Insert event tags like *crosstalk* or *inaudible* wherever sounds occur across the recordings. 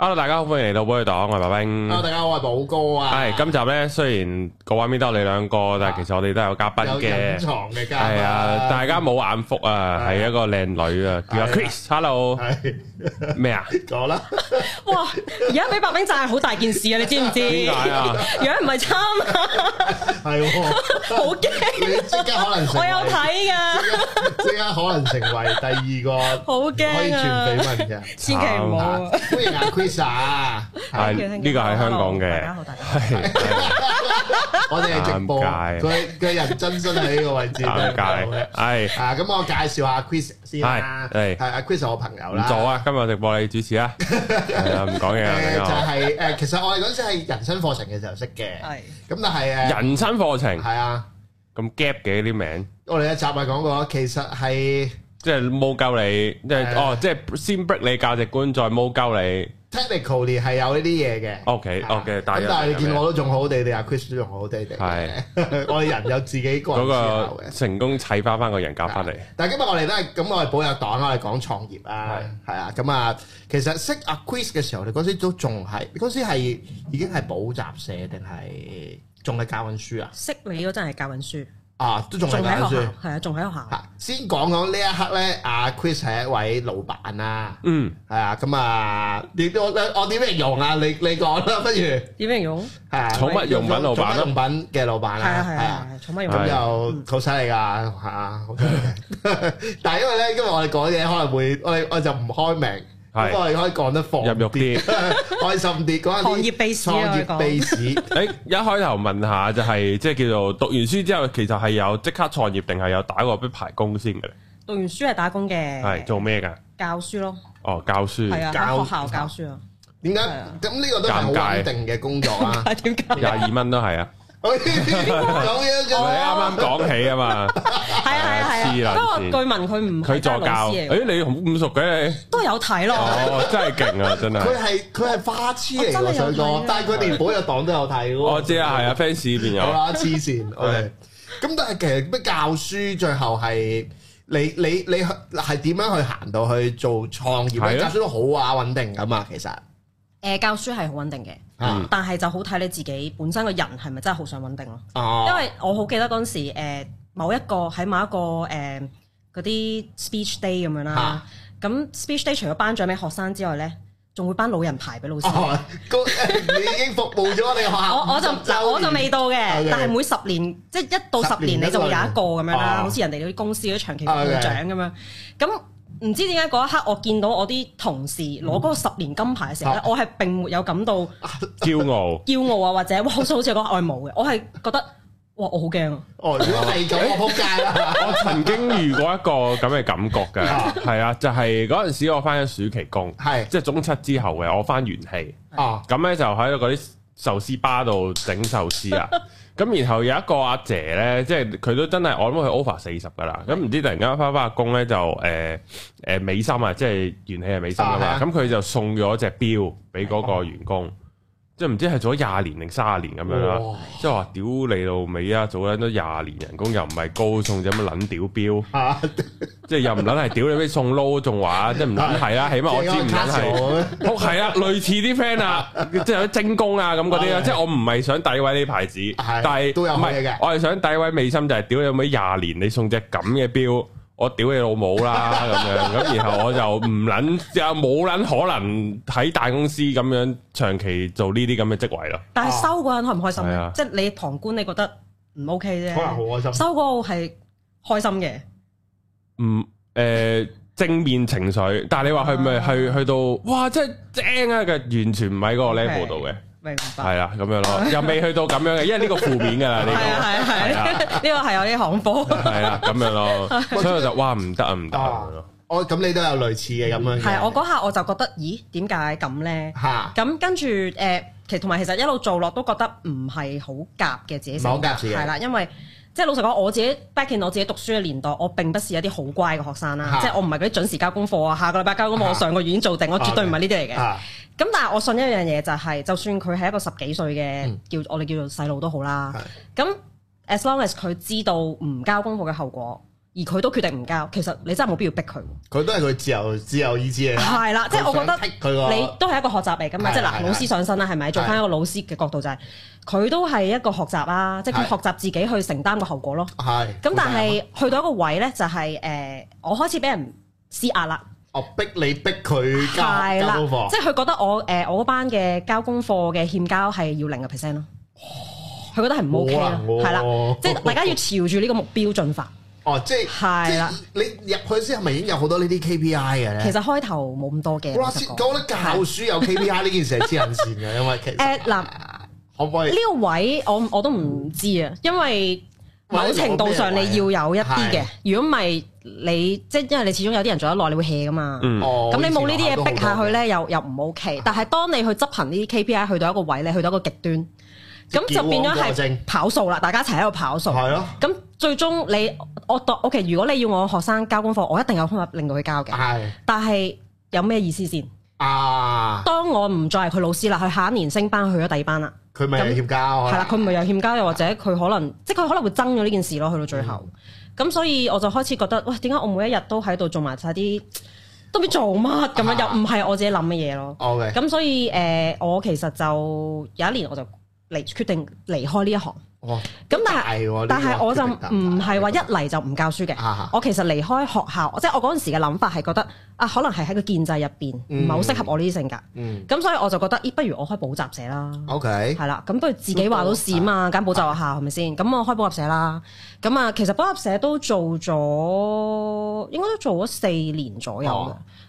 hello，大家好，歡迎嚟到《寶藥黨》，我係白兵。hello，大家好，我係寶哥啊。係今集咧，雖然個畫面都係你兩個，但係其實我哋都有嘉賓嘅。有隱藏嘅嘉賓。係啊，大家冇眼福啊，係一個靚女啊，叫阿 Chris。hello，係咩啊？講啦。哇，而家俾白兵讚好大件事啊，你知唔知？點解啊？樣唔係差。係。好驚！你即刻可能我有睇噶，即刻可能成為第二個好驚啊！可以傳畀問嘅，千祈唔好歡迎阿 Chris 啊！呢個喺香港嘅，好大，我哋係直播，佢嘅人真身喺呢個位置。介紹咧，係啊，咁我介紹下 Chris 先啦，係係阿 Chris 我朋友啦，唔左啊！今日直播你主持啊，係啊，唔講嘢，就係誒，其實我哋嗰陣時係人生課程嘅時候識嘅，係咁，但係誒，人生課程係啊。咁 gap 嘅啲名，我哋一集咪講過，其實係即係冇救你，的即係哦，即係先 break 你價值觀，再冇救你 technically 係有呢啲嘢嘅。O K，O K，但係你見我都仲好地哋阿 Chris 都仲好哋地。係的， *laughs* 我哋人有自己個人 *laughs* 個成功砌翻翻個人格翻嚟。但係今日我哋都係咁，我哋寶藥黨，我哋講創業啊，係啊的，咁啊，其實識阿 Chris 嘅時候，你嗰時都仲係，嗰時係已經係補習社定係？仲係教緊書啊？識你嗰陣係教緊書啊？都仲係，係啊，仲喺度。學校。先講講呢一刻咧，阿 Chris 係一位老闆啦，嗯，係啊，咁啊，你我我點形容啊？你你講啦，不如點形容？係寵物用品老闆咯，寵物用品嘅老闆啦，係啊，係啊，寵物用品咁又好犀利噶吓，但係因為咧，今日我哋講嘢可能會，我我就唔開明。係，是可以可以講得放入肉啲， *laughs* 開心啲。講下啲創業秘史，創業秘史，誒、 *laughs* 欸，一開頭問下就係、是，即、就、係、是、叫做讀完書之後，其實係有即刻創業，定係有打過筆牌工先嘅咧？ *laughs* 讀完書係打工嘅，係做咩噶？教書咯。哦，教書，係啊，學校教書教啊？點解？咁呢個都係穩定嘅工作啊？點解？廿二蚊都係啊？我依邊啱啱講起啊嘛，係啊係啊係啊，都話據聞佢唔佢助教，誒你好唔熟嘅，都有睇咯，真係勁啊真係，佢係佢係花痴嚟噶，我想講，但係佢連寶藥黨都有睇嘅，我知啊，係啊 fans 呢邊有啦，黐線，ok，咁但係其實咩教書最後係你你你係點樣去行到去做創業咧？教書都好啊，穩定噶啊，其實誒教書係好穩定嘅。嗯、但係就好睇你自己本身個人係咪真係好想穩定咯，哦、因為我好記得嗰陣時、呃、某一個喺某一個誒嗰啲 speech day 咁樣啦，咁、啊、speech day 除咗頒獎俾學生之外呢，仲會頒老人牌俾老師。哦、你已經服務咗你學校我。我我就，就我就未到嘅，okay。但係每十年即係一到十年你就會有一個咁樣啦，哦、好似人哋啲公司嗰啲長期顧長咁樣，咁。唔知點解嗰一刻我見到我啲同事攞嗰個十年金牌嘅時候咧，啊、我係並沒有感到驕傲， *laughs* 驕傲啊或者哇，好似好似個外母嘅，我係覺得哇，我好驚！如果嚟咗我撲街！我曾經遇過一個咁嘅感覺嘅，係 *laughs* 啊，就係嗰陣時我翻咗暑期工，係是即係中七之後嘅，我翻元氣，咁咧是就喺嗰啲壽司吧度整壽司啊。 *laughs* *laughs* 咁然後有一個阿姐咧，即係佢都真係，我諗佢 over 四十噶啦。咁唔是的 知突然間翻返工咧，就誒誒美心啊，即係元氣係美心啊嘛。咁佢就送咗隻表俾嗰個員工。的即係唔知係做咗廿年定卅年咁樣啦，即係話屌你老尾啊，做緊都廿年，人工又唔係高，送隻咁嘅捻屌表，即係又唔捻係屌你俾送撈，仲話即係唔捻係啦，起碼我知唔捻係，係啊，類似啲 friend 啊，即係有啲精工啊咁嗰啲啊，即係我唔係想詆毀呢牌子，但係都有唔係嘅，我係想詆毀美心就係屌你有冇廿年你送隻咁嘅表。我屌你老母啦咁樣，咁 *laughs* 然後我就唔捻就冇捻可能喺大公司咁樣長期做呢啲咁嘅職位咯。但係收嗰陣開唔開心咧？啊、即係你旁觀你覺得唔 OK 啫。可能好開心。收嗰個係開心嘅，唔誒、嗯呃、正面情緒。但係你話佢咪去去，啊、去到哇，真係正啊！嘅完全唔喺嗰個 level 度嘅。係啦，咁樣咯，又未去到咁樣嘅，因為呢個負面噶啦，呢個係啊，呢個係有啲行波。係啦，咁的 *laughs* 樣咯， *laughs* 所以我就哇唔得啊，唔得咯。我咁你都有類似嘅咁、嗯、樣。係，我嗰下我就覺得，咦，點解咁咧？吓哈，咁跟住誒，其實同埋其實一路做落都覺得唔係好夾嘅自己，冇夾住係啦，因為。即係老實講，我自己 back in 我自己讀書嘅年代，我並不是一啲好乖嘅學生啦。的即係我唔係嗰啲準時交功課啊，下個禮拜交功課，的我上個月已經做定，的我絕對唔係呢啲嚟嘅。咁的但係我信一樣嘢就係、是，就算佢係一個十幾歲嘅，嗯、叫我哋叫做細路都好啦。咁的 as long as 佢知道唔交功課嘅後果。而佢都決定唔交，其實你真係冇必要逼佢。佢都係佢自由、自由意志嘅。係啦，即係我覺得你都係一個學習嚟㗎嘛，即係嗱，老師上身啦，係咪做翻一個老師嘅角度就係佢都係一個學習啦，即係佢學習自己去承擔個後果咯。係。咁但係去到一個位咧，就係誒我開始俾人施壓啦。哦，逼你逼佢交交功課，即係佢覺得我誒我班嘅交功課嘅欠交係要零嘅 percent 咯。佢覺得係唔 OK 啊，係啦，即係大家要朝住呢個目標進發。哦，即係即係你入去之後係咪已經有好多呢啲 KPI 嘅咧？其實開頭冇咁多嘅。我話教書有 KPI 呢件事係黐人線嘅，因為其實嗱，可唔可以呢個位我我都唔知啊，因為某程度上你要有一啲嘅，如果唔係你即係因為你始終有啲人做得耐，你會 hea 噶嘛。嗯，咁你冇呢啲嘢逼下去咧，又又唔 OK。但係當你去執行呢啲 KPI，去到一個位，你去到一個極端。咁就變咗係跑數啦，大家一齊喺度跑數。係咯的。咁最終你我讀 O K，如果你要我學生交功課，我一定有方法令到佢交嘅。係的。但係有咩意思先？啊！當我唔再係佢老師啦，佢下一年升班去咗第二班啦。佢咪有欠交係啦？佢咪那能有欠交，又或者佢可能即係佢可能會爭咗呢件事咯。去到最後，咁、嗯、所以我就開始覺得，喂、哎，點解我每一日都喺度做埋晒啲，都唔知做乜咁樣？啊、又唔係我自己諗嘅嘢咯。OK 咁、啊、所以誒、呃，我其實就有一年我就。嚟決定離開呢一行，咁但係但係我就唔係話一嚟就唔教書嘅，我其實離開學校，即係我嗰陣時嘅諗法係覺得啊，可能係喺個建制入邊唔係好適合我呢啲性格，咁所以我就覺得咦，不如我開補習社啦，OK，係啦，咁不如自己話到事啊嘛，揀補習學校係咪先？咁我開補習社啦，咁啊，其實補習社都做咗應該都做咗四年左右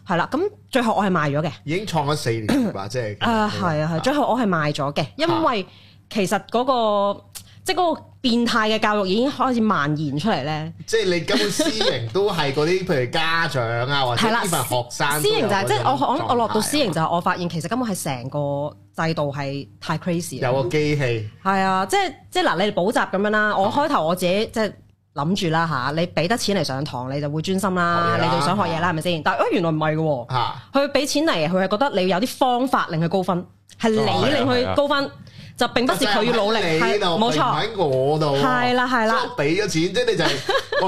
嘅，係啦，咁最後我係賣咗嘅，已經創咗四年吧，即啊係係，最後我係賣咗嘅，因為。其實嗰、嗰個即係嗰個變態嘅教育已經開始蔓延出嚟咧。即係你根本私營都係嗰啲， *laughs* 譬如家長啊，或者部分學生。私營就係、係、即係我我落到私營就係、係啊、我發現，其實根本係成個制度係太 crazy 啦。有個機器。係啊，即係即係嗱，你哋補習咁樣啦。我開頭我自己即係諗住啦嚇，你俾得錢嚟上堂，你就會專心啦，啊、你就想學嘢啦，係咪先？但係啊，原來唔係㗎。嚇！佢俾錢嚟，佢係覺得你有啲方法令佢高分，係你令佢高分。就並不是佢要努力，你喺度，冇錯是，喺我度，係啦係啦，俾咗錢， *laughs* 即係你就係、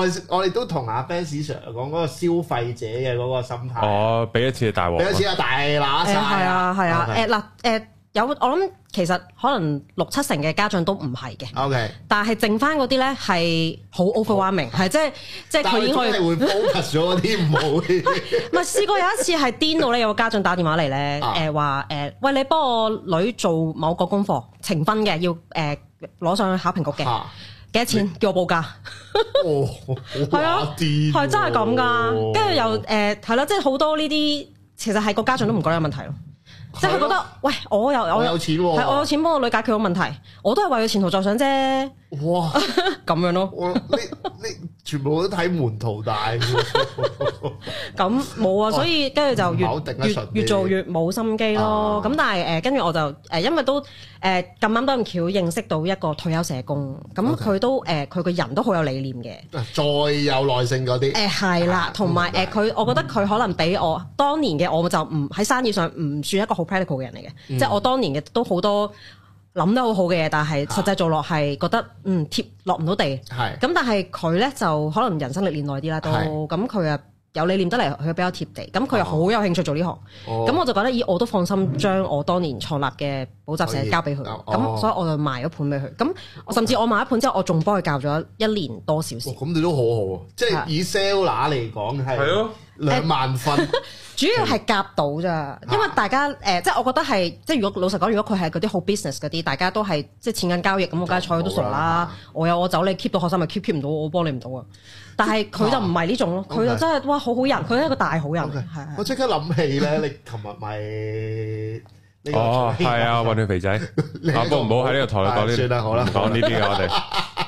是、我我哋都同阿 Ben Sir 講嗰個消費者嘅嗰個心態。哦 *laughs* 啊，俾一次就大鑊，俾一次就大揦曬、欸、Okay. 啊！係啊，誒嗱誒。有我諗，其實可能六七成嘅家長都唔係嘅。O K，但係剩翻嗰啲咧，係好 overwhelming，係即係即係佢已經可以會忽略咗啲唔好嘅。唔係試過有一次係癲到咧，有個家長打電話嚟，咧，誒話誒，喂你幫我女做某個功課，成分嘅，要誒攞上去考評局嘅，幾多錢叫我報價？哇！癲係真係咁噶，跟住又誒係啦，即係好多呢啲，其實係個家長都唔覺得有問題咯。即係覺得，的喂，我有我，我有錢喎，啊，係我有錢幫我女解決個問題，我都係為佢前途著想啫。哇，咁 *laughs* 樣咯， *laughs* 你你全部都睇門徒大，咁冇啊，所以跟住就越、哦、口口越，越做越冇心機咯。咁、啊、但係誒，跟、呃、住我就誒，因為都誒咁啱得咁巧，認識到一個退休社工，咁、嗯、佢、嗯、都誒，佢、呃、個人都好有理念嘅，再有耐性嗰啲。誒係啦，同埋誒佢，我覺得佢可能比我當年嘅我就唔喺生意上唔算一個好 practical 嘅人嚟嘅，嗯、即係我當年嘅都好多。嗯諗得好好嘅嘢，但係實際做落係覺得嗯貼落唔到地。係咁是，但係佢咧就可能人生歷練耐啲啦，都咁佢啊有理念得嚟，佢比較貼地。咁佢又好有興趣做呢行。咁、哦、我就覺得咦，我都放心將我當年創立嘅補習社交俾佢。咁、哦、所以我就賣咗盤俾佢。咁甚至我賣一盤之後，我仲幫佢教咗一年多少少。咁、哦哦哦、你都好好喎，即、就、係、是、以銷售 seller 嚟講係。係咯對。兩萬分， *laughs* 主要係夾到咋，因為大家誒、啊呃，即係我覺得係，即係如果老實講，如果佢係嗰啲好 business 嗰啲，大家都係即係錢銀交易咁，嗯、我梗係睬佢都傻啦，嗯嗯、我有我走你，keep 到學生咪 keep keep 唔到，我幫你唔到，到啊。但係佢就唔係呢種咯，佢就真係 Okay. 哇好好人，佢係一個大好人。係 Okay. 的我即刻諗起咧， *laughs* 你琴日咪～哦，係啊，混血肥仔，啊，寶唔好喺呢個台度講呢啲，好啦，講呢啲啊，我哋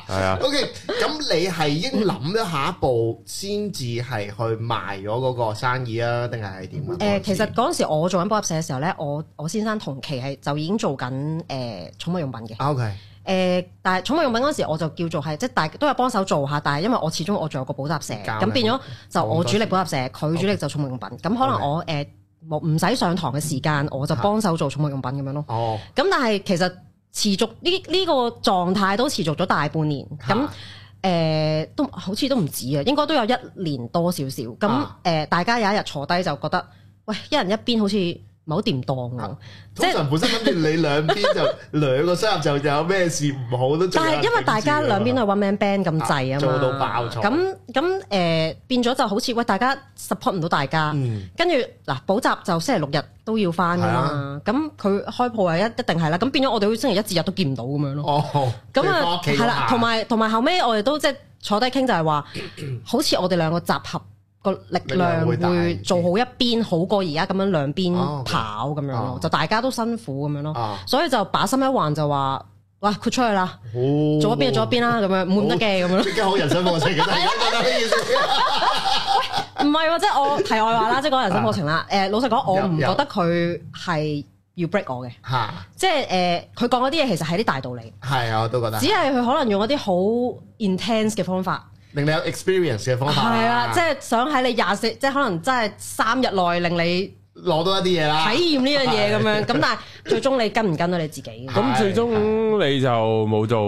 係啊。O K，咁你係應諗咗下一步先至係去賣咗嗰個生意啊，定係點啊？誒、呃，其實嗰時我做緊補習社嘅時候咧，我我先生同期係就已經做緊誒寵物用品嘅。O Okay . K、呃。誒，但係寵物用品嗰時我就叫做係即係大家都有幫手做下，但係因為我始終我仲有個補習社，咁你變咗就我主力補習社，佢主力就寵物用品，咁 Okay. 可能我誒。Okay. 冇唔使上堂嘅時間，我就幫手做寵物用品咁樣咯。哦，咁但係其實持續呢呢個狀態都持續咗大半年，咁誒、啊呃、都好似都唔止啊，應該都有一年多少少。咁誒、呃，大家有一日坐低就覺得，喂，一人一邊好似。唔好掂當啊！即係本身，反正你兩邊就兩個三人就有咩事唔好都。但係因為大家兩邊去 one man band 咁濟啊嘛，做到爆咁咁誒，變咗就好似喂，大家 support 唔到大家。跟住嗱，補習就星期六日都要翻噶嘛。咁佢開鋪又一一定係啦。咁變咗我哋好似星期一至日都見唔到咁樣咯。哦，咁啊，係啦，同埋同埋後尾我哋都即係坐低傾，就係話好似我哋兩個集合個力量會做好一邊，好過而家咁樣兩邊跑咁樣咯，就大家都辛苦咁樣咯。所以就把心一橫就話，哇，豁出去啦，做一邊就做一邊啦，咁樣唔得嘅咁樣咯。最好人生課程嘅，係咯。唔係喎，即係我題外話啦，即、就、係、是、講人生課程啦。誒，老實講，我唔覺得佢係要 break 我嘅。嚇、就是！即係誒，佢講嗰啲嘢其實係啲大道理。係，我都覺得。只係佢可能用嗰啲好 intense 嘅方法。令你有 experience 嘅方法係啊，即係想喺你廿四，即係可能真係三日內令你攞到一啲嘢啦。體驗呢樣嘢咁樣，咁但係最終你跟唔跟到你自己？咁最終你就冇做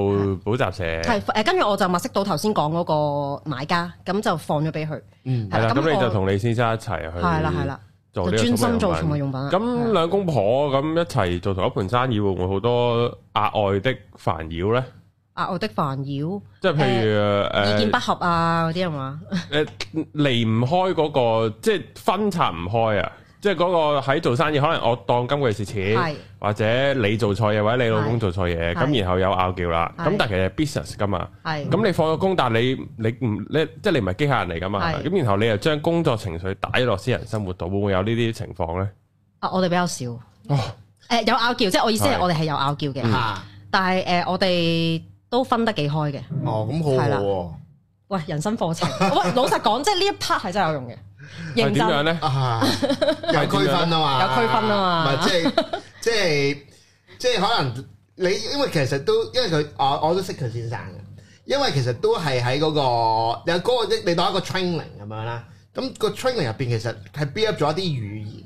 補習社。係誒，跟住我就物識到頭先講嗰個買家，咁就放咗俾佢。嗯，係啦，咁你就同李先生一齊去。係啦，係啦，做專心做寵物用品。咁兩公婆咁一齊做同一盤生意會唔會好多額外的煩擾咧？啊！我的煩擾，即係譬如意見不合啊，嗰啲係嘛？誒離唔開嗰個，即係分拆唔開啊！即係嗰個喺做生意，可能我當個月蝕錢，或者你做錯嘢，或者你老公做錯嘢，咁然後有拗撬啦。咁但係其實 business 噶嘛，咁你放咗工，但係你你唔咧，即係你唔係機械人嚟噶嘛，咁然後你又將工作情緒帶落私人生活度，會唔會有呢啲情況咧？啊，我哋比較少哦。誒有拗撬，即係我意思係我哋係有拗撬嘅，但係誒我哋。都分得幾開嘅，哦咁好嘅，啊，喎，喂，人生課程， *laughs* 喂老實講，即係呢一 part 係真係有用嘅，認真咧，又區 *laughs* 分啊嘛，有區分啊嘛，唔係即係即係即係可能你因為其實都因為佢我我都識佢先生嘅，因為其實都係喺嗰個有、嗰個你當一個 training 咁樣啦，咁個 training 入邊其實係 build 咗一啲語言，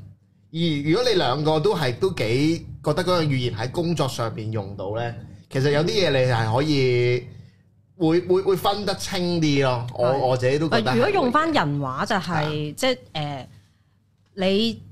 而如果你兩個都係都幾覺得嗰個語言喺工作上邊用到咧。嗯其實有啲嘢你係可以會會會分得清啲咯，對 我我自己都覺得。如果用翻人話就係、是，即係誒，你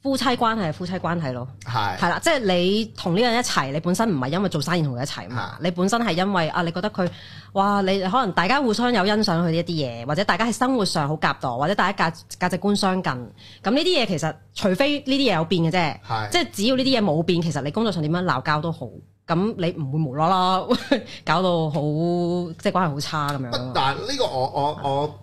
夫妻關係係夫妻關係咯是的，係係啦，即係你同呢個人一齊，你本身唔係因為做生意同佢一齊嘛，是的 你本身係因為啊，你覺得佢哇，你可能大家互相有欣賞佢呢一啲嘢，或者大家喺生活上好夾度，或者大家價價值觀相近，咁呢啲嘢其實除非呢啲嘢有變嘅啫，即係、就是、只要呢啲嘢冇變，其實你工作上點樣鬧交都好。咁你唔會無啦啦搞到好即係關係好差咁樣？但呢個我我我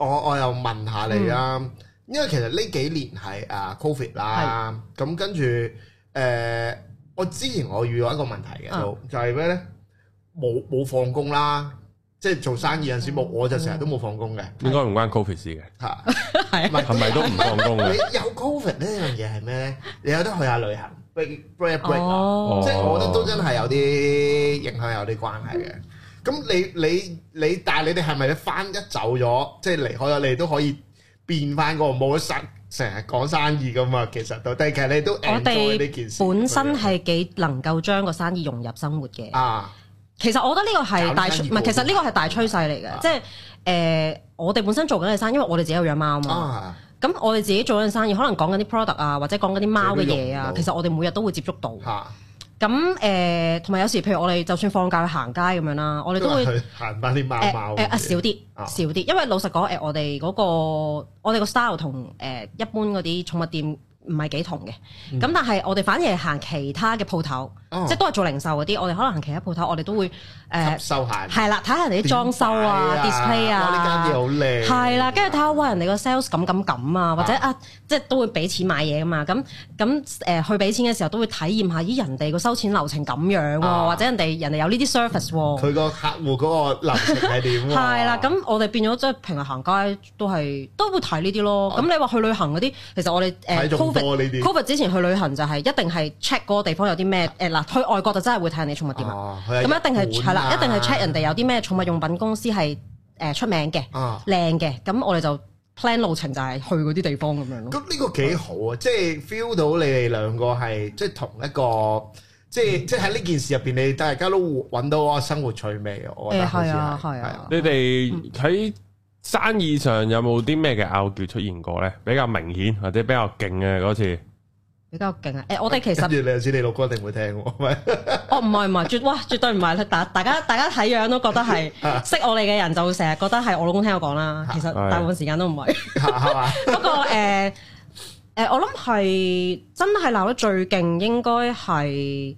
我我又問下你啦，嗯、因為其實呢幾年係啊 Covid 啦，咁是跟住誒、呃，我之前我遇到一個問題嘅是，就係咩咧？冇冇放工啦，即係做生意嗰時冇，我就成日都冇放工嘅。應該唔關 Covid 事嘅，係係咪都唔放工嘅？ *laughs* 你有 Covid 呢樣嘢係咩咧？你有得去下旅行？被、oh。即係我覺得都真係有啲影響，有啲關係嘅。咁你你你，但係你哋係咪一翻一走咗，即、就、係、是、離開咗，你都可以變翻、那個冇生成日講生意㗎嘛？其實都，但係其實你都呢件事我哋本身係幾能夠將個生意融入生活嘅。啊，其實我覺得呢個係大唔係，其實呢個係大趨勢嚟嘅。啊、即係誒、呃，我哋本身做緊嘅生意，因為我哋自己有養貓啊嘛。咁我哋自己做緊生意，可能講緊啲 product 啊，或者講緊啲貓嘅嘢啊，其實我哋每日都會接觸到。嚇、啊！咁誒，同、呃、埋有，有時譬如我哋就算放假去行街咁樣啦，我哋都會都去行翻啲貓貓。誒誒、呃呃，少啲少啲，啊、因為老實講誒、呃，我哋嗰、嗰個我哋個 style 同誒一般嗰啲寵物店唔係幾同嘅。咁、嗯、但係我哋反而係行其他嘅鋪頭。嗯嗯即係都係做零售嗰啲，我哋可能其他鋪頭，我哋都會誒、呃、收鞋，係啦，睇下人哋啲裝修啊、display 啊，呢間嘢好靚係啦，跟住睇下哇，睇下哇人哋個 sales 咁咁咁啊，啊或者啊，即係都會俾錢買嘢噶嘛，咁咁誒去俾錢嘅時候都會體驗下咦人哋個收錢流程咁樣喎、啊，啊、或者人哋人哋有呢啲 service 喎、啊，佢個、嗯、客戶嗰個流程係點？係啦， *laughs* 咁我哋變咗即係平日行街都係都會睇呢啲咯。咁、啊、你話去旅行嗰啲，其實我哋誒 COVID COVID 之前去旅行就係一定係 check 嗰個地方有啲咩 *laughs* 去外國就真係會睇人哋寵物店咁，一定係係啦，一定係 check 人哋有啲咩寵物用品公司係誒出名嘅，靚嘅、啊，咁我哋就 plan 路程就係去嗰啲地方咁樣咯。咁呢個幾好啊，好係即係 feel 到你哋兩個係即係同一個，即係、嗯、即係喺呢件事入邊，你大家都揾到個生活趣味，我覺得係啊係啊係啊。你哋喺生意上有冇啲咩嘅拗撬出現過咧？嗯、比較明顯或者比較勁嘅嗰次？比較勁啊！誒、欸，我哋其實，你知你老公一定會聽喎，哦，唔係唔係，絕哇，絕對唔係，但大家大家睇樣都覺得係 *laughs* 識我哋嘅人就成日覺得係我老公聽我講啦。其實大部分時間都唔係，不過誒誒，我諗係真係鬧得最勁應該係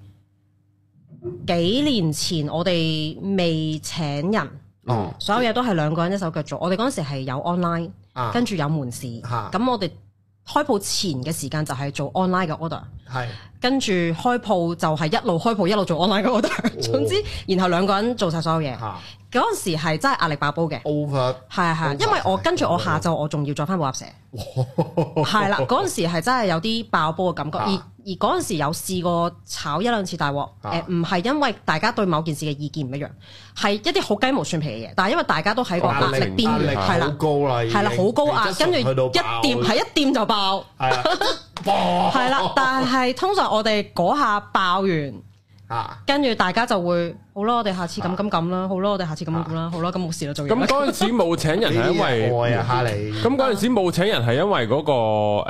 幾年前我哋未請人，哦，所有嘢都係兩個人一手腳做。我哋嗰陣時係有 online、啊、跟住有門市，咁我哋。啊開鋪前嘅時間就係做 online 嘅 order，係是跟住開鋪就係一路開鋪一路做 online 嘅 order，oh. 總之然後兩個人做晒所有嘢，嗰陣、oh. 時係真係壓力爆煲嘅，over 係係因為我、oh. 跟住我下晝我仲要再返補習社。係、oh. 啦，嗰陣時係真係有啲爆煲嘅感覺。Oh. 而嗰陣時有試過炒一兩次大鑊，誒唔係因為大家對某件事嘅意見唔一樣，係一啲好雞毛蒜皮嘅嘢，但係因為大家都喺個壓力邊，係啦，係啦，好高，好高壓，跟住一掂係一掂就爆，係啦，但係通常我哋嗰下爆完。啊！跟住大家就會好咯，我哋下次咁咁咁啦，好咯，我哋下次咁咁啦，好咯，咁冇事啦，做嘢。咁嗰陣時冇請人係因為，嚇你。咁嗰陣時冇請人係因為嗰個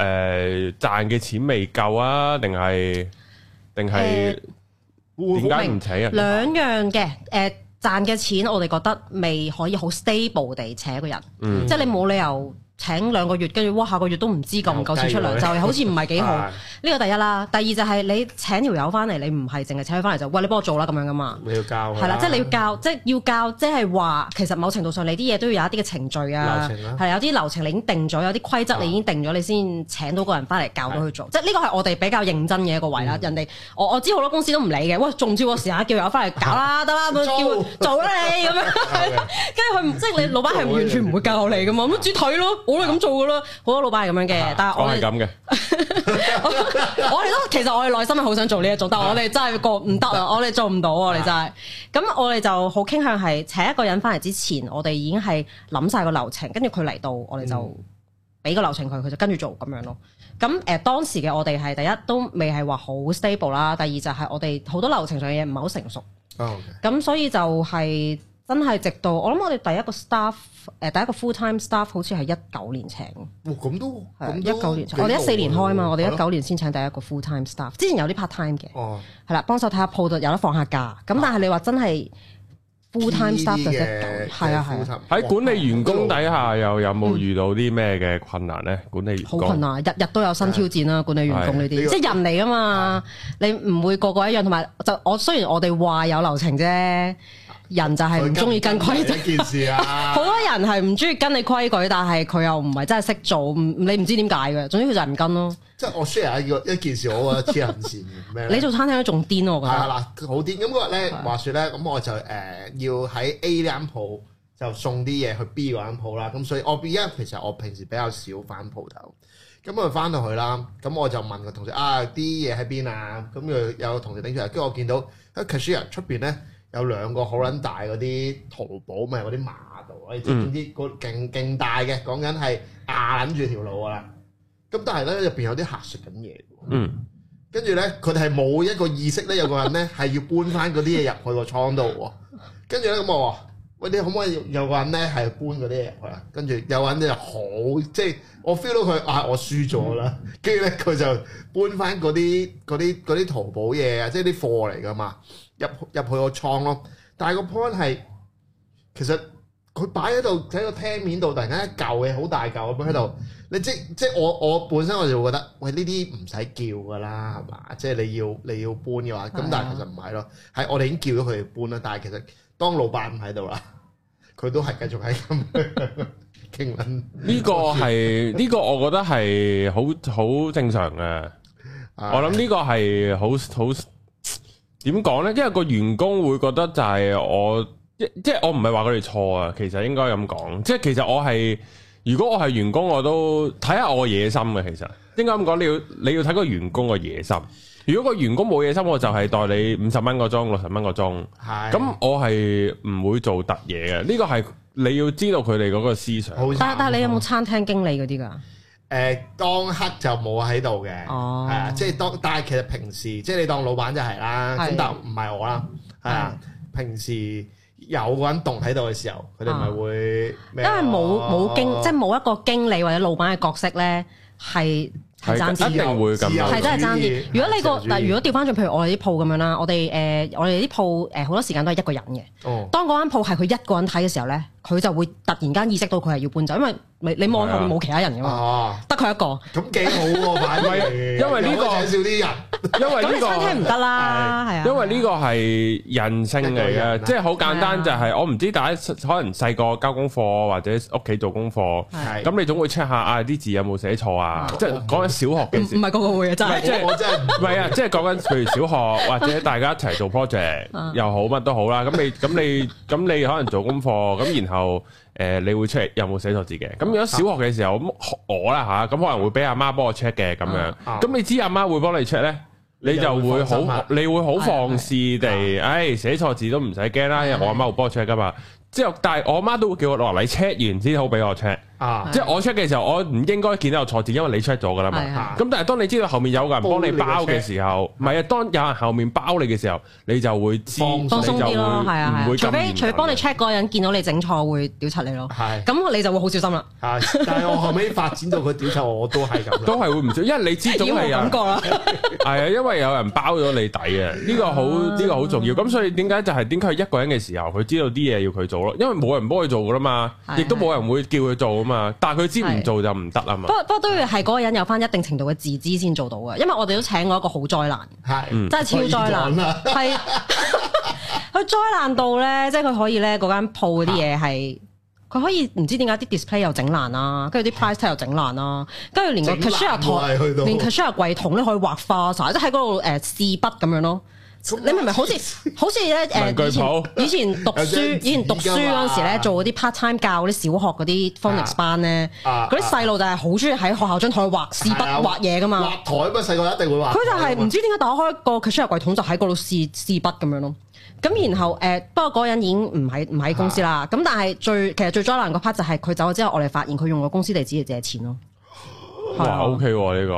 誒賺嘅錢未夠啊，定係定係點解唔請啊？兩樣嘅誒賺嘅錢，我哋覺得未可以好 stable 地請個人，即係你冇理由。請兩個月，跟住哇，下個月都唔知夠唔夠錢出糧，就好似唔係幾好。呢個第一啦，第二就係你請條友翻嚟，你唔係淨係請佢翻嚟就，喂，你幫我做啦咁樣噶嘛。你要教係啦，即係你要教，即係要教，即係話其實某程度上你啲嘢都要有一啲嘅程序啊，係有啲流程你已經定咗，有啲規則你已經定咗，你先請到個人翻嚟教到佢做。即係呢個係我哋比較認真嘅一個位啦。人哋我我知好多公司都唔理嘅，喂，仲照我時下啊，叫條友翻嚟搞啦，得啦，叫做啦你咁樣，跟住佢即係你老闆係完全唔會教你噶嘛，咁煮腿咯。.我哋咁做噶咯，好多老闆係咁樣嘅，啊、但係我係咁嘅，我哋 *laughs* 都其實我哋內心係好想做呢一種，但係我哋真係覺唔得啊，我哋做唔到，啊、我哋真係。咁、啊、我哋就好傾向係請一個人返嚟之前，我哋已經係諗晒個流程，跟住佢嚟到，我哋就俾個流程佢，佢、嗯、就跟住做咁樣咯。咁誒、呃、當時嘅我哋係第一都未係話好 stable 啦，第二就係我哋好多流程上嘅嘢唔係好成熟，咁、啊 okay. 所以就係，是。真係直到我諗我哋第一個 staff 誒、呃，第一個 full time staff 好似係一九年請，哇咁、哦、都一九年。我哋一四年開嘛，嗯、我哋一九年先請第一個 full time staff。之前有啲 part time 嘅，係啦、啊，幫手睇下鋪度有得放下假。咁但係你話真係 full time staff 就真係係啊係。喺、啊啊、管理員工底下又有冇遇到啲咩嘅困難咧？嗯、管理員工好困難，日日都有新挑戰啦。啊、管理員工、啊、員工呢啲即係人嚟噶嘛，啊、你唔會個個一樣。同埋就我雖然我哋話有流程啫。人就係唔中意跟規則，好多人係唔中意跟你規矩，但係佢又唔係真係識做，你唔知點解嘅。總之佢就唔跟咯。即係我 share 一,一件事，我覺得黐撚線咩，你做餐廳都仲癲我覺得。係啊，好癲。咁嗰日咧，是的 話説咧，咁我就誒、呃、要喺 A 呢間鋪就送啲嘢去 B 嗰間鋪啦。咁所以我而家其實我平時比較少翻鋪頭。咁我翻到去啦，咁我就問個同事啊，啲嘢喺邊啊？咁又、啊、有個同事頂住，跟住我見到喺 cashier 出邊咧。有兩個好撚大嗰啲淘寶咪嗰啲碼度，即係總之個勁勁大嘅，講緊係壓撚住條路㗎啦。咁但係咧入邊有啲客説緊嘢，嗯，跟住咧佢哋係冇一個意識咧，有個人咧係要搬翻嗰啲嘢入去個倉度喎。跟住咧咁我話：喂，你可唔可以有個人咧係搬嗰啲嘢入去啊？」跟住有個人咧就好，即係我 feel 到佢啊，我輸咗啦。跟住咧佢就搬翻嗰啲嗰啲嗰啲淘寶嘢啊，即係啲貨嚟㗎嘛。入入去個倉咯，但係個 point 係其實佢擺喺度喺個廳面度，突然間一嚿嘢好大嚿咁喺度。你即即我我本身我就會覺得，喂呢啲唔使叫噶啦，係嘛？即係你要你要搬嘅話，咁但係其實唔係咯，係我哋已經叫咗佢哋搬啦。但係其實當老闆唔喺度啦，佢都係繼續喺咁傾緊。呢 *laughs* 所個係呢、呢個我覺得係好好正常嘅。的我諗呢個係好好。點講呢？因為個員工會覺得就係我，即即係我唔係話佢哋錯啊。其實應該咁講，即係其實我係，如果我係員工，我都睇下我嘅野心嘅。其實應該咁講，你要你要睇個員工個野心。如果個員工冇野心，我就係代你五十蚊個鐘，六十蚊個鐘。係咁是，我係唔會做特嘢嘅。呢、這個係你要知道佢哋嗰個思想但。但但係你有冇餐廳經理嗰啲噶？誒當刻就冇喺度嘅，係啊，即係當，但係其實平時即係你當老闆就係啦，咁但唔係我啦，係啊，平時有個人戙喺度嘅時候，佢哋唔係會，因為冇冇經，即係冇一個經理或者老闆嘅角色咧，係係爭啲，會咁，係真係爭啲。如果你個，嗱，如果調翻轉，譬如我哋啲鋪咁樣啦，我哋誒我哋啲鋪誒好多時間都係一個人嘅，當嗰間鋪係佢一個人睇嘅時候咧。佢就會突然間意識到佢係要搬走，因為你望後面冇其他人噶嘛，得佢一個。咁幾好喎，因為呢個少啲人。因為呢個餐唔得啦，係啊。因為呢個係人性嚟嘅，即係好簡單就係我唔知大家可能細個交功課或者屋企做功課，咁你總會 check 下啊啲字有冇寫錯啊？即係講緊小學嘅唔係個個會嘅，真係即係唔係啊？即係講緊譬如小學或者大家一齊做 project 又好乜都好啦，咁你咁你咁你可能做功課咁然後，就誒，你會 check 有冇寫錯字嘅？咁如果小學嘅時候，咁、啊、我啦吓，咁、啊、可能會俾阿媽幫我 check 嘅咁樣。咁、嗯嗯、你知阿媽會幫你 check 咧，你就會好，你會，你會好放肆地，誒，寫錯、哎、字都唔使驚啦，因為我阿媽會幫我 check 噶嘛。之後的但係我阿媽都會叫我落嚟 check 完先好俾我 check。啊！即係我 check 嘅時候，我唔應該見到有錯字，因為你 check 咗噶啦嘛。咁但係當你知道後面有個人幫你包嘅時候，唔係啊，當有人後面包你嘅時候，你就會放鬆啲咯，係啊係。除非除非幫你 check 嗰個人見到你整錯會屌柒你咯。咁你就會好小心啦。但係我後尾發展到佢屌柒我都係咁，都係會唔小心，因為你知道咗你啊。係啊，因為有人包咗你底啊，呢個好呢個好重要。咁所以點解就係點解一個人嘅時候，佢知道啲嘢要佢做咯，因為冇人幫佢做噶啦嘛，亦都冇人會叫佢做。但係佢知唔做就唔得啊嘛的。不過不過都要係嗰個人有翻一定程度嘅自知先做到嘅，因為我哋都請過一個好災難，係的真係超災難，係佢是 *laughs* 災難到咧，即係佢可以咧嗰間鋪嗰啲嘢係，佢可以唔知點解啲 display 又整爛啦，跟住啲 price tag 又整爛啦，跟住連個 cashier 台，連 cashier 櫃桶咧可以畫花曬，即係喺嗰度誒試筆咁樣咯。你明唔明？好似好似咧，誒以前以前讀書，以前讀書嗰陣時咧，做嗰啲 part time 教嗰啲小學嗰啲 phonics 班咧，嗰啲細路就係好中意喺學校張台畫試筆畫嘢噶嘛。畫台咁啊，細個一定會畫。佢就係唔知點解打開個出入櫃桶就喺嗰度試試筆咁樣咯。咁然後誒，不過嗰人已經唔喺唔喺公司啦。咁但係最其實最災難個 part 就係佢走咗之後，我哋發現佢用個公司地址嚟借錢咯。哇，OK 呢個。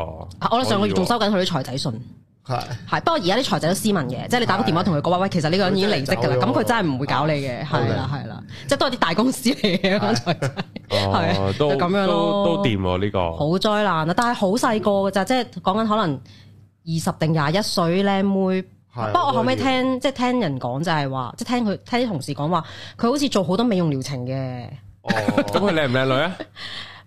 我哋上個月仲收緊佢啲財仔信。係，不過而家啲財仔都斯文嘅，即係你打個電話同佢講話，喂，其實呢個人已經離職㗎啦，咁佢真係唔會搞你嘅，係啦，係啦，即係都係啲大公司嚟嘅嗰啲財仔，係，就咁樣咯，都掂喎呢個。好災難啊！但係好細個㗎咋，即係講緊可能二十定廿一歲靚妹。不過我後尾聽，即係聽人講就係話，即係聽佢聽啲同事講話，佢好似做好多美容療程嘅。咁佢靚唔靚女啊？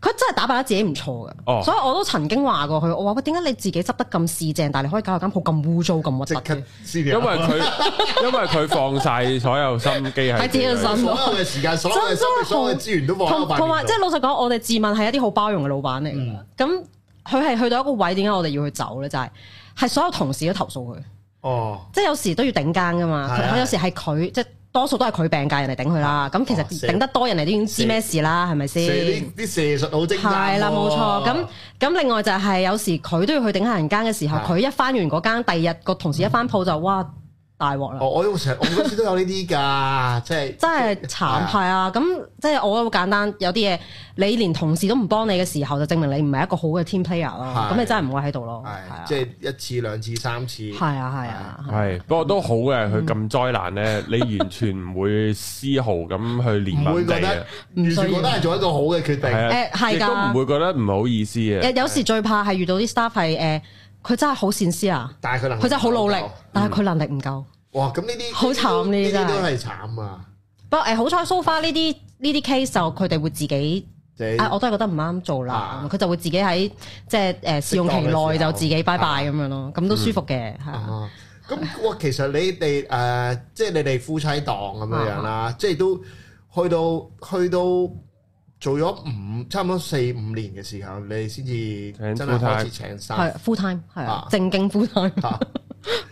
佢真係打扮得自己唔錯㗎，所以我都曾經話過佢，我話佢，點解你自己執得咁四正，但係你可以搞到間鋪咁污糟咁核突嘅？因為佢因為佢放晒所有心機喺自己嘅所有時間、所有心、所有資源都放同埋即係老實講，我哋自問係一啲好包容嘅老闆嚟嘅，咁佢係去到一個位，點解我哋要去走咧？就係係所有同事都投訴佢，哦，即係有時都要頂更㗎嘛。佢有時係佢即。多數都係佢病假人嚟頂佢啦。咁、啊、其實頂得多蛇人哋都已經知咩事啦，係咪先？啲射術好精、啊。係啦、啊，冇錯。咁咁另外就係有時佢都要去頂下人間嘅時候，佢、啊、一翻完嗰間，第二日個同事一翻鋪就哇。嗯嘩大鑊啦！我都成日，我每次都有呢啲㗎，即係真係慘，係啊！咁即係我好簡單，有啲嘢你連同事都唔幫你嘅時候，就證明你唔係一個好嘅 team player 咯。咁你真係唔會喺度咯。係即係一次、兩次、三次。係啊係啊。係，不過都好嘅，佢咁災難咧，你完全唔會絲毫咁去憐憫佢，完全覺得係做一個好嘅決定。誒都唔會覺得唔好意思嘅。有時最怕係遇到啲 staff 係誒。佢真係好善思啊！但係佢能佢真係好努力，但係佢能力唔夠。哇！咁呢啲好慘，呢啲真係都係慘啊！不過誒，好彩 so far 呢啲呢啲 case 就佢哋會自己啊，我都係覺得唔啱做啦。佢就會自己喺即係誒試用期內就自己拜拜 e bye 咁樣咯，咁都舒服嘅吓。咁我其實你哋誒，即係你哋夫妻檔咁樣樣啦，即係都去到去到。做咗五差唔多四五年嘅時候，你先至真係開始請晒 full time 係啊，正經 full time。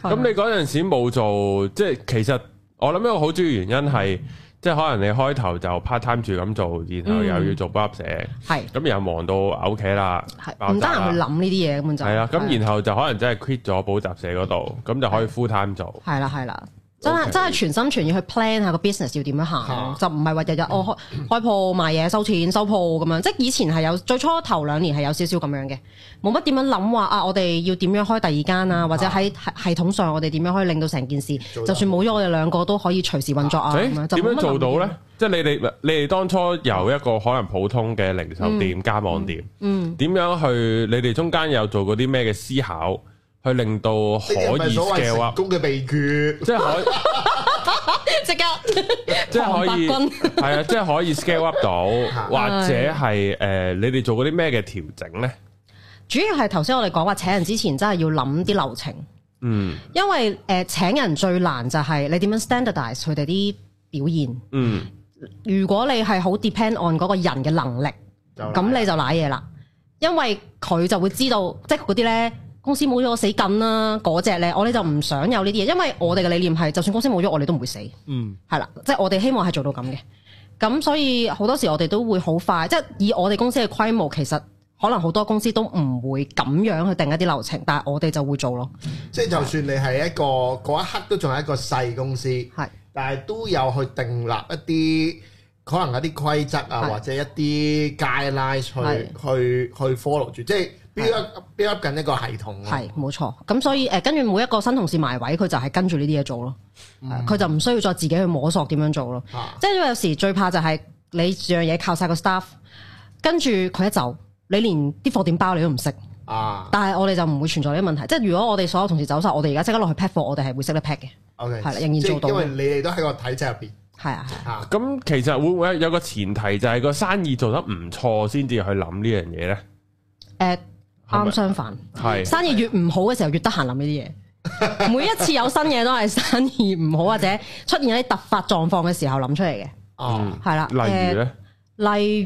咁你嗰陣時冇做，即係其實我諗一個好主要原因係，即係可能你開頭就 part time 住咁做，然後又要做補習社，係咁又忙到嘔茄啦，係唔得閒去諗呢啲嘢根本就係啦。咁然後就可能真係 quit 咗補習社嗰度，咁就可以 full time 做。係啦，係啦。.真係真係全心全意去 plan 下個 business 要點樣行，啊、就唔係話，日日我、哦、開開鋪賣嘢收錢收鋪咁樣。即係以前係有，最初頭兩年係有少少咁樣嘅，冇乜點樣諗話啊，我哋要點樣開第二間啊？或者喺係系統上我哋點樣可以令到成件事，到就算冇咗我哋兩個都可以隨時運作啊？咁樣點樣做到呢？即係你哋你哋當初由一個可能普通嘅零售店、嗯、加網店，嗯，點、嗯、樣去你哋中間有做過啲咩嘅思考？去令到可以 scale up 嘅秘訣，即係可以即刻，即係可以係啊，即係可以 scale up 到。 *laughs* 或者係誒、呃，你哋做嗰啲咩嘅調整咧？主要係頭先我哋講話請人之前，真係要諗啲流程。嗯，因為誒、呃、請人最難就係你點樣 standardize 佢哋啲表現。嗯，如果你係好 depend on 嗰個人嘅能力，咁你就瀨嘢啦，因為佢就會知道，即係嗰啲咧。公司冇咗我死梗啦，嗰隻咧，我哋就唔想有呢啲嘢，因為我哋嘅理念係，就算公司冇咗我哋都唔會死。嗯，係啦，即係我哋希望係做到咁嘅。咁所以好多時我哋都會好快，即係以我哋公司嘅規模，其實可能好多公司都唔會咁樣去定一啲流程，但係我哋就會做咯。即係、嗯、就算你係一個嗰是的 一刻都仲係一個細公司，係，是的 但係都有去定立一啲可能一啲規則啊，是的 或者一啲 guidelines 去去去 follow 住，即係是的 的。build 緊一個系統係冇錯。咁所以誒，跟住每一個新同事埋位，佢就係跟住呢啲嘢做咯，佢就唔需要再自己去摸索點樣做咯。即係因為有時最怕就係你樣嘢靠晒個 staff，跟住佢一走，你連啲貨點包你都唔識啊。但係我哋就唔會存在呢啲問題。即係如果我哋所有同事走晒，我哋而家即刻落去 pack 貨，我哋係會識得 pack 嘅。係啦，仍然做到。因為你哋都喺個體制入邊，係啊係啊。咁其實會唔會有個前提就係個生意做得唔錯先至去諗呢樣嘢咧？誒。啱相反，是生意越唔好嘅時候越得閒諗呢啲嘢。 *laughs* 每一次有新嘢都係生意唔好或者出現啲突發狀況嘅時候諗出嚟嘅。哦、嗯，係啦了，例如咧、呃，例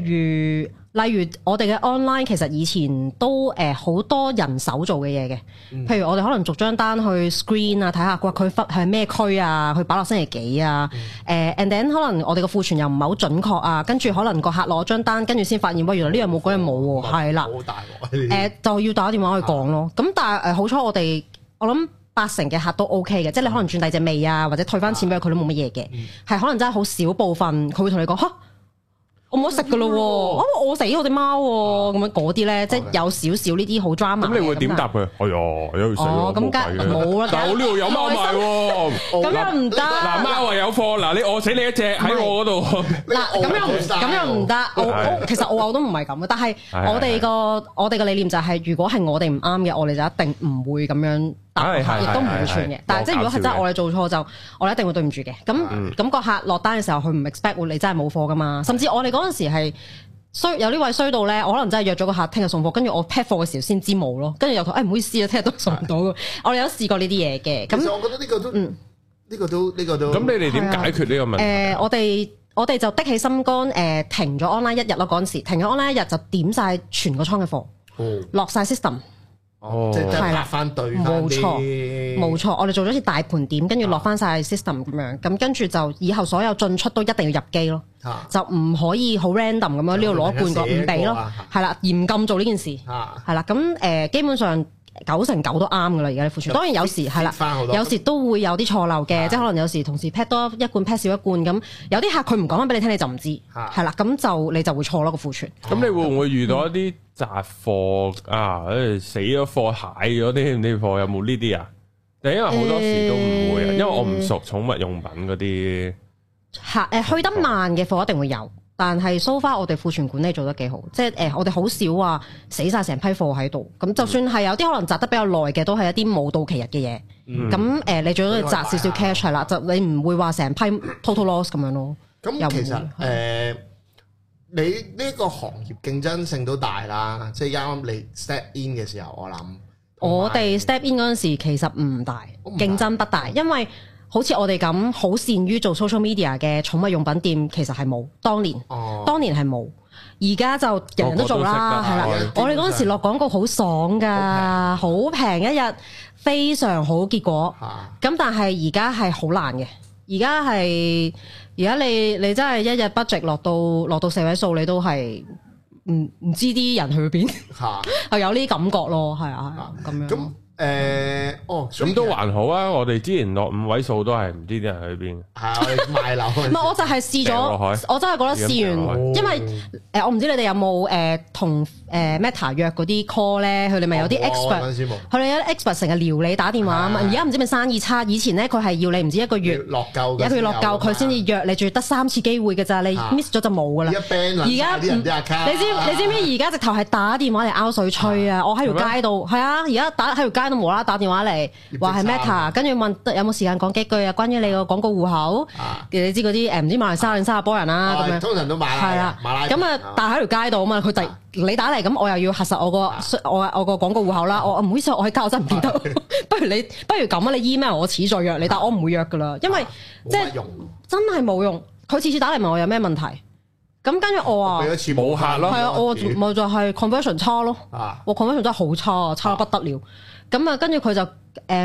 如。例如我哋嘅 online 其實以前都誒好、呃、多人手做嘅嘢嘅，譬如我哋可能逐張單去 screen 啊，睇下佢佢係咩區啊，去擺落星期幾啊，誒、嗯呃、and then 可能我哋嘅庫存又唔係好準確啊，跟住可能個客攞張單，跟住先發現，喂、呃，原來呢樣冇嗰樣冇喎，係物啦，誒、呃、就要打電話去講咯。咁、啊、但係誒、呃、好彩我哋我諗八成嘅客都 OK 嘅，即係你可能轉第二隻未啊，或者退翻錢俾佢都冇乜嘢嘅，係、啊嗯、可能真係好少部分佢會同你講我冇食噶咯，我餓死我隻貓咁樣嗰啲咧，即係有少少呢啲好 drama。咁你會點答佢？哎呀，有哦，咁梗冇啦。但我呢度有貓賣，咁又唔得。嗱，貓啊有貨，嗱你餓死你一隻喺我嗰度，嗱咁又咁又唔得。其實我我都唔係咁嘅，但係我哋個我哋個理念就係，如果係我哋唔啱嘅，我哋就一定唔會咁樣。亦都唔會串嘅，係係係係，但係即係如果係真係我哋做錯就，係係係我哋一定會對唔住嘅。咁咁個客落單嘅時候，佢唔 expect 會你真係冇貨㗎嘛？甚至我哋嗰陣時係衰，有呢位衰到咧，我可能真係約咗個客聽日送貨，跟住我 pat 貨嘅時候先知冇咯，跟住又同誒，唔好意思啊，聽日都送唔到咯。係係我哋有試過呢啲嘢嘅。其實我覺得呢個都呢個都呢個都。咁、嗯呢個、你哋點解決呢個問題？誒、啊呃，我哋我哋就的起心肝誒、呃，停咗 online 一日咯。嗰陣時停咗 online 一日就點晒全個倉嘅貨，落晒、嗯、system。哦、即係揦翻對冇錯，冇點錯，我哋做咗好似大盤點，跟住落翻晒 system 咁樣，咁跟住就以後所有進出都一定要入機咯，啊、就唔可以好 random 咁樣呢度攞一半個唔俾咯，係啦、啊，嚴禁做呢件事，係啦、啊，咁誒、呃、基本上。九成九都啱噶啦，而家啲庫存。當然有時係啦，有時都會有啲錯漏嘅，的即係可能有時同事 pat 多一罐 pat 少一罐咁，有啲客佢唔講翻俾你聽，你就唔知係啦。咁的就你就會錯咯個庫存。咁、哦、你會唔會遇到一啲雜貨、嗯、啊？誒、哎、死咗貨蟹咗啲啲貨有冇呢啲啊？誒因為好多時都唔會，呃、因為我唔熟寵物用品嗰啲。客誒去得慢嘅貨一定會有。但係 so far 我哋庫存管理做得幾好，即係誒我哋好少話死晒成批貨喺度，咁、嗯、就算係有啲可能摘得比較耐嘅，都係一啲冇到期日嘅嘢。咁誒、嗯，你最好多摘少少 cash 係啦、嗯，就你唔會話成批 total loss 咁樣咯。咁尤、嗯、其實誒是、呃，你呢個行業競爭性都大啦，即係啱啱你 step in 嘅時候，我諗我哋 step in 嗰陣時其實唔大，大競爭不大，嗯、因為。好似我哋咁好善於做 social media 嘅寵物用品店，其實係冇當年，哦、當年係冇，而家就人人都做啦，係啦。了對我哋嗰陣時落廣告好爽噶，好平對一日，非常好結果。咁哈但係而家係好難嘅，而家係而家你你真係一日 budget 落到落到四位數，你都係唔唔知啲人去邊，係哈 *laughs* 有呢感覺咯，係啊，咁樣。嗯嗯誒，哦，咁都還好啊！我哋之前落五位數都係唔知啲人去邊，係賣樓。唔係，我就係試咗，我真係覺得試完，因為誒，我唔知你哋有冇誒同誒 Meta 約嗰啲 call 咧？佢哋咪有啲 expert，佢哋有啲 expert 成日撩你打電話啊嘛！而家唔知咪生意差，以前咧佢係要你唔知一個月落夠，一個月落夠佢先至約你，仲要得三次機會嘅咋？你 miss 咗就冇噶啦。而家你知你知唔知？而家直頭係打電話嚟拗水吹啊！我喺條街度，係啊！而家打喺條街。都冇啦，打電話嚟，話係 Meta，跟住問有冇時間講幾句啊？關於你個廣告戶口，其實你知嗰啲誒，唔知馬來沙廿、三廿波人啦，咁樣，通常都買啦，係啦，咁啊，但喺條街度啊嘛，佢就你打嚟，咁我又要核實我個我我個廣告戶口啦，我唔好意思，我喺街我真唔記得，不如你不如咁啊，你 email 我，次再約你，但我唔會約噶啦，因為即係真係冇用，佢次次打嚟問我有咩問題，咁跟住我話一次冇客咯，係啊，我冇就係 conversion 差咯，我 conversion 真係好差，差得不得了。咁啊，跟住佢就誒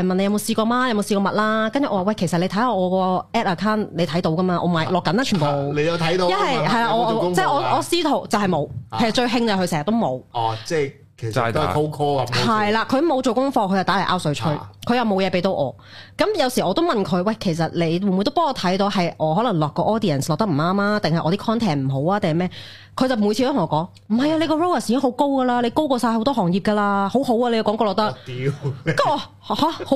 問你有冇試過嗎？有冇試過乜啦？跟住我話喂，其實你睇下我個 ad account 你睇到噶嘛？我咪落緊啦，全部你有睇到，因為係啊，我即係我我試圖就係、是、冇，其實最興就係佢成日都冇。哦、啊，即係其實都係 call call 係啦，佢冇做功課，佢就打嚟 Out 水吹，佢又冇嘢俾到我。咁有時我都問佢，喂，其實你會唔會都幫我睇到係我可能落個 audience 落得唔啱啊？定係我啲 content 唔好啊？定係咩？佢就每次都同我講，唔係、嗯、啊！你個 roller 已經好高噶啦，你高過晒好多行業噶啦，好好啊！你嘅廣告落得，跟住好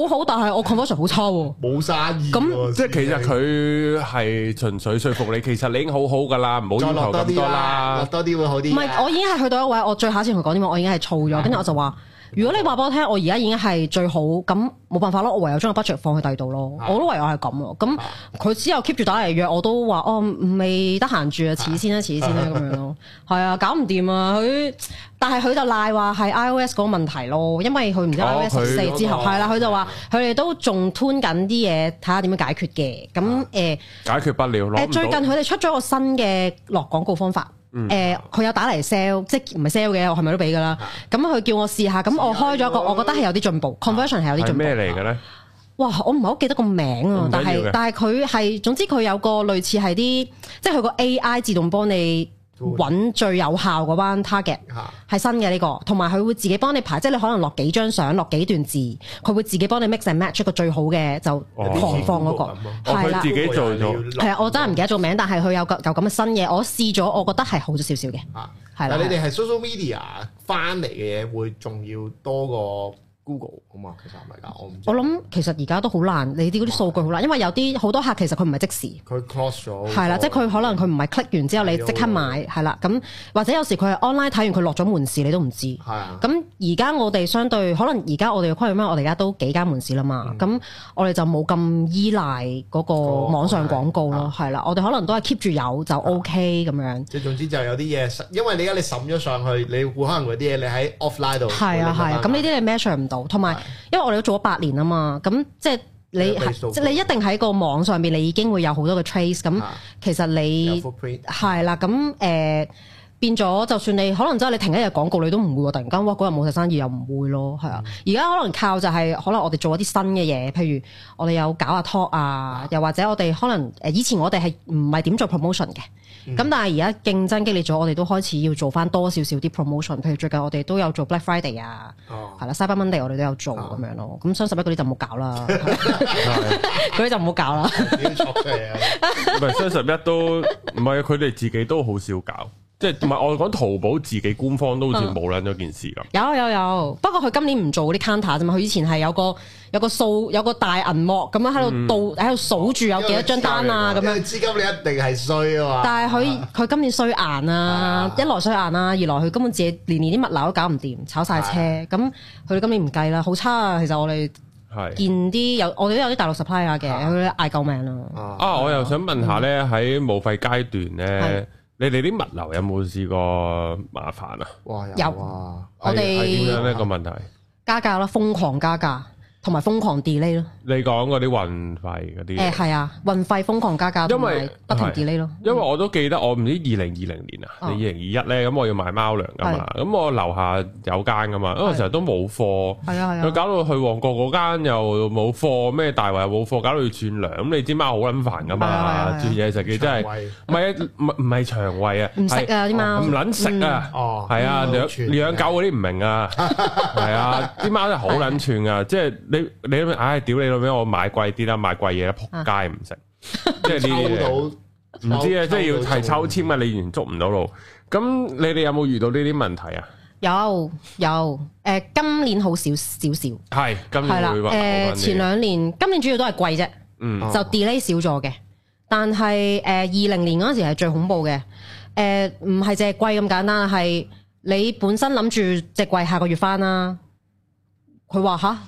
好，但係我 conversion 好差喎，冇生意、啊。咁樣即係其實佢係純粹說服你， *laughs* 其實你已經好好噶啦，唔好要，要求咁多啦，落多啲會好啲、啊。唔係，我已經係去到一位，我最下一次同佢講啲乜，我已經係燥咗，跟住我就話。如果你話俾我聽，我而家已經係最好，咁冇辦法咯，我唯有將個 budget 放去第二度咯。啊、我都唯有係咁咯。咁佢之後 keep 住打嚟約，我都話哦，未得閒住啊，遲先啦、啊，遲先啦咁樣咯。係啊，搞唔掂啊佢，但係佢就賴話係 iOS 嗰個問題咯，因為佢唔知 iOS 四之後係啦，佢、啊那個啊、就話佢哋都仲吞緊啲嘢，睇下點樣解決嘅。咁誒、啊呃、解決不了誒，最近佢哋出咗個新嘅落廣告方法。誒，佢、嗯呃、有打嚟 sell，即係唔係 sell 嘅，我係咪都俾㗎啦？咁佢叫我試下，咁我開咗一個，我覺得係有啲進步，conversion 係有啲進步。咩嚟嘅咧？哇！我唔係好記得個名啊，嗯、但係是但係佢係，總之佢有個類似係啲，即係佢個 AI 自動幫你。揾最有效嗰班 target，係、啊、新嘅呢、呢個，同埋佢會自己幫你排，即係你可能落幾張相，落幾段字，佢會自己幫你 mix and match 出個最好嘅就狂放嗰個，係啦、哦，對哦、自己做做，係啊了，我真係唔記得做名，但係佢有個就咁嘅新嘢，我試咗，我覺得係好咗少少嘅，係啦、啊。了但係你哋係 social media 翻嚟嘅嘢會仲要多過。Google 咁啊，其實唔係㗎，我我諗其實而家都好難，你啲嗰啲數據好難，因為有啲好多客其實佢唔係即時，佢 close 咗，係啦，即係佢可能佢唔係 click 完之後你即刻買，係啦，咁或者有時佢係 online 睇完佢落咗門市你都唔知，係啊，咁而家我哋相對可能而家我哋嘅規模，我哋而家都幾間門市啦嘛，咁我哋就冇咁依賴嗰個網上廣告咯，係啦，我哋可能都係 keep 住有就 OK 咁樣，即係總之就有啲嘢，因為你而家你審咗上去，你會可能會啲嘢你喺 offline 度，係啊係啊，咁呢啲你 match 唔同埋，因為我哋都做咗八年啊嘛，咁即係你，的即係你一定喺個網上面，你已經會有好多嘅 trace。咁其實你係啦，咁誒的、呃、變咗，就算你可能真係你停一日廣告，你都唔會喎。突然間，哇、呃！嗰日冇晒生意又唔會咯，係啊。而家、嗯、可能靠就係可能我哋做一啲新嘅嘢，譬如我哋有搞下、啊、talk 啊，又或者我哋可能誒以前我哋係唔係點做 promotion 嘅？咁、嗯、但係而家競爭激烈咗，我哋都開始要做翻多少少啲 promotion。譬如最近我哋都有做 Black Friday 啊，係啦，Cyber Monday 我哋都有做咁樣咯。咁雙十一嗰啲就冇搞啦，嗰啲就冇搞啦。唔係，雙十一都唔係佢哋自己都好少搞。即係唔係？我哋講淘寶自己官方都好似冇捻咗件事咯。有有有，不過佢今年唔做嗰啲 counter 啫嘛。佢以前係有個有個數有個大銀幕咁樣喺度度喺度數住有幾多張單啊咁樣。資金你一定係衰啊。但係佢佢今年衰硬啊，一來衰硬啊，二來佢根本自己連連啲物流都搞唔掂，炒晒車。咁佢哋今年唔計啦，好差啊！其實我哋係見啲有我哋都有啲大陸 supplier 嘅，佢嗌救命啊！啊！我又想問下咧，喺冇費階段咧。你哋啲物流有冇試過麻煩啊？有啊，呢我哋係點樣呢個問題加價啦，瘋狂加價。同埋瘋狂 delay 咯，你講嗰啲運費嗰啲，誒係啊，運費瘋狂加價，因為不停 delay 咯。因為我都記得我唔知二零二零年啊，二零二一咧，咁我要買貓糧噶嘛，咁我樓下有間噶嘛，因為成日都冇貨，係啊係啊，佢搞到去旺角嗰間又冇貨，咩大圍又冇貨，搞到要轉糧。咁你啲貓好撚煩噶嘛，轉嘢食嘅真係，唔係唔唔係腸胃啊，唔食啊啲貓，唔撚食啊，係啊，你養你養狗嗰啲唔明啊，係啊，啲貓真係好撚串啊，即係。你你唉，屌你老尾，我買貴啲啦，買貴嘢啦，仆街唔食，即係你啲嘢唔知啊。即係要係抽簽啊，你完全捉唔到路。咁你哋有冇遇到呢啲問題啊？有有誒，今年好少少少係今年係啦誒，前兩年今年主要都係貴啫，嗯，就 delay 少咗嘅。但係誒，二零年嗰陣時係最恐怖嘅誒，唔係淨係貴咁簡單，係你本身諗住隻櫃下個月返啦，佢話吓。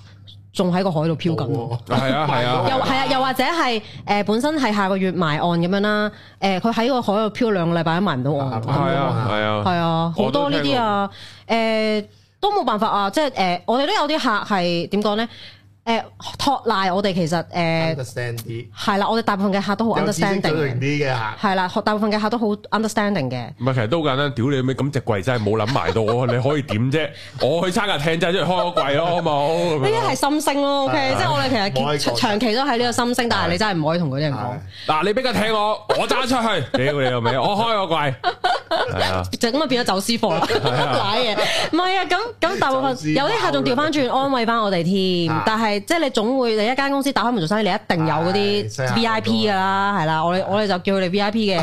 仲喺個海度漂緊，係啊係啊，又係啊，又或者係誒、呃、本身係下個月埋岸咁樣啦，誒佢喺個海度漂兩個禮拜都埋唔到岸，係啊係啊，係啊好多呢啲啊，誒都冇辦法啊，即係誒、呃、我哋都有啲客係點講咧？誒托賴我哋其實誒，係啦，我哋大部分嘅客都好 understanding，係啦，大部分嘅客都好 understanding 嘅。唔係，其實都好簡單。屌你咩咁隻櫃真係冇諗埋到我，你可以點啫？我去參加艇真係開個櫃咯，好冇？呢啲係心聲咯，OK，即係我哋其實長期都喺呢個心聲，但係你真係唔可以同嗰啲人講。嗱，你俾個艇我，我揸出去，屌你老味，我開個櫃，就咁啊變咗走私貨啦，賴嘢。唔係啊，咁咁大部分有啲客仲調翻轉安慰翻我哋添，但係。即係你總會，你一間公司打開門做生意，你一定有嗰啲 V I P 噶啦，係啦，我我哋就叫你 V I P 嘅，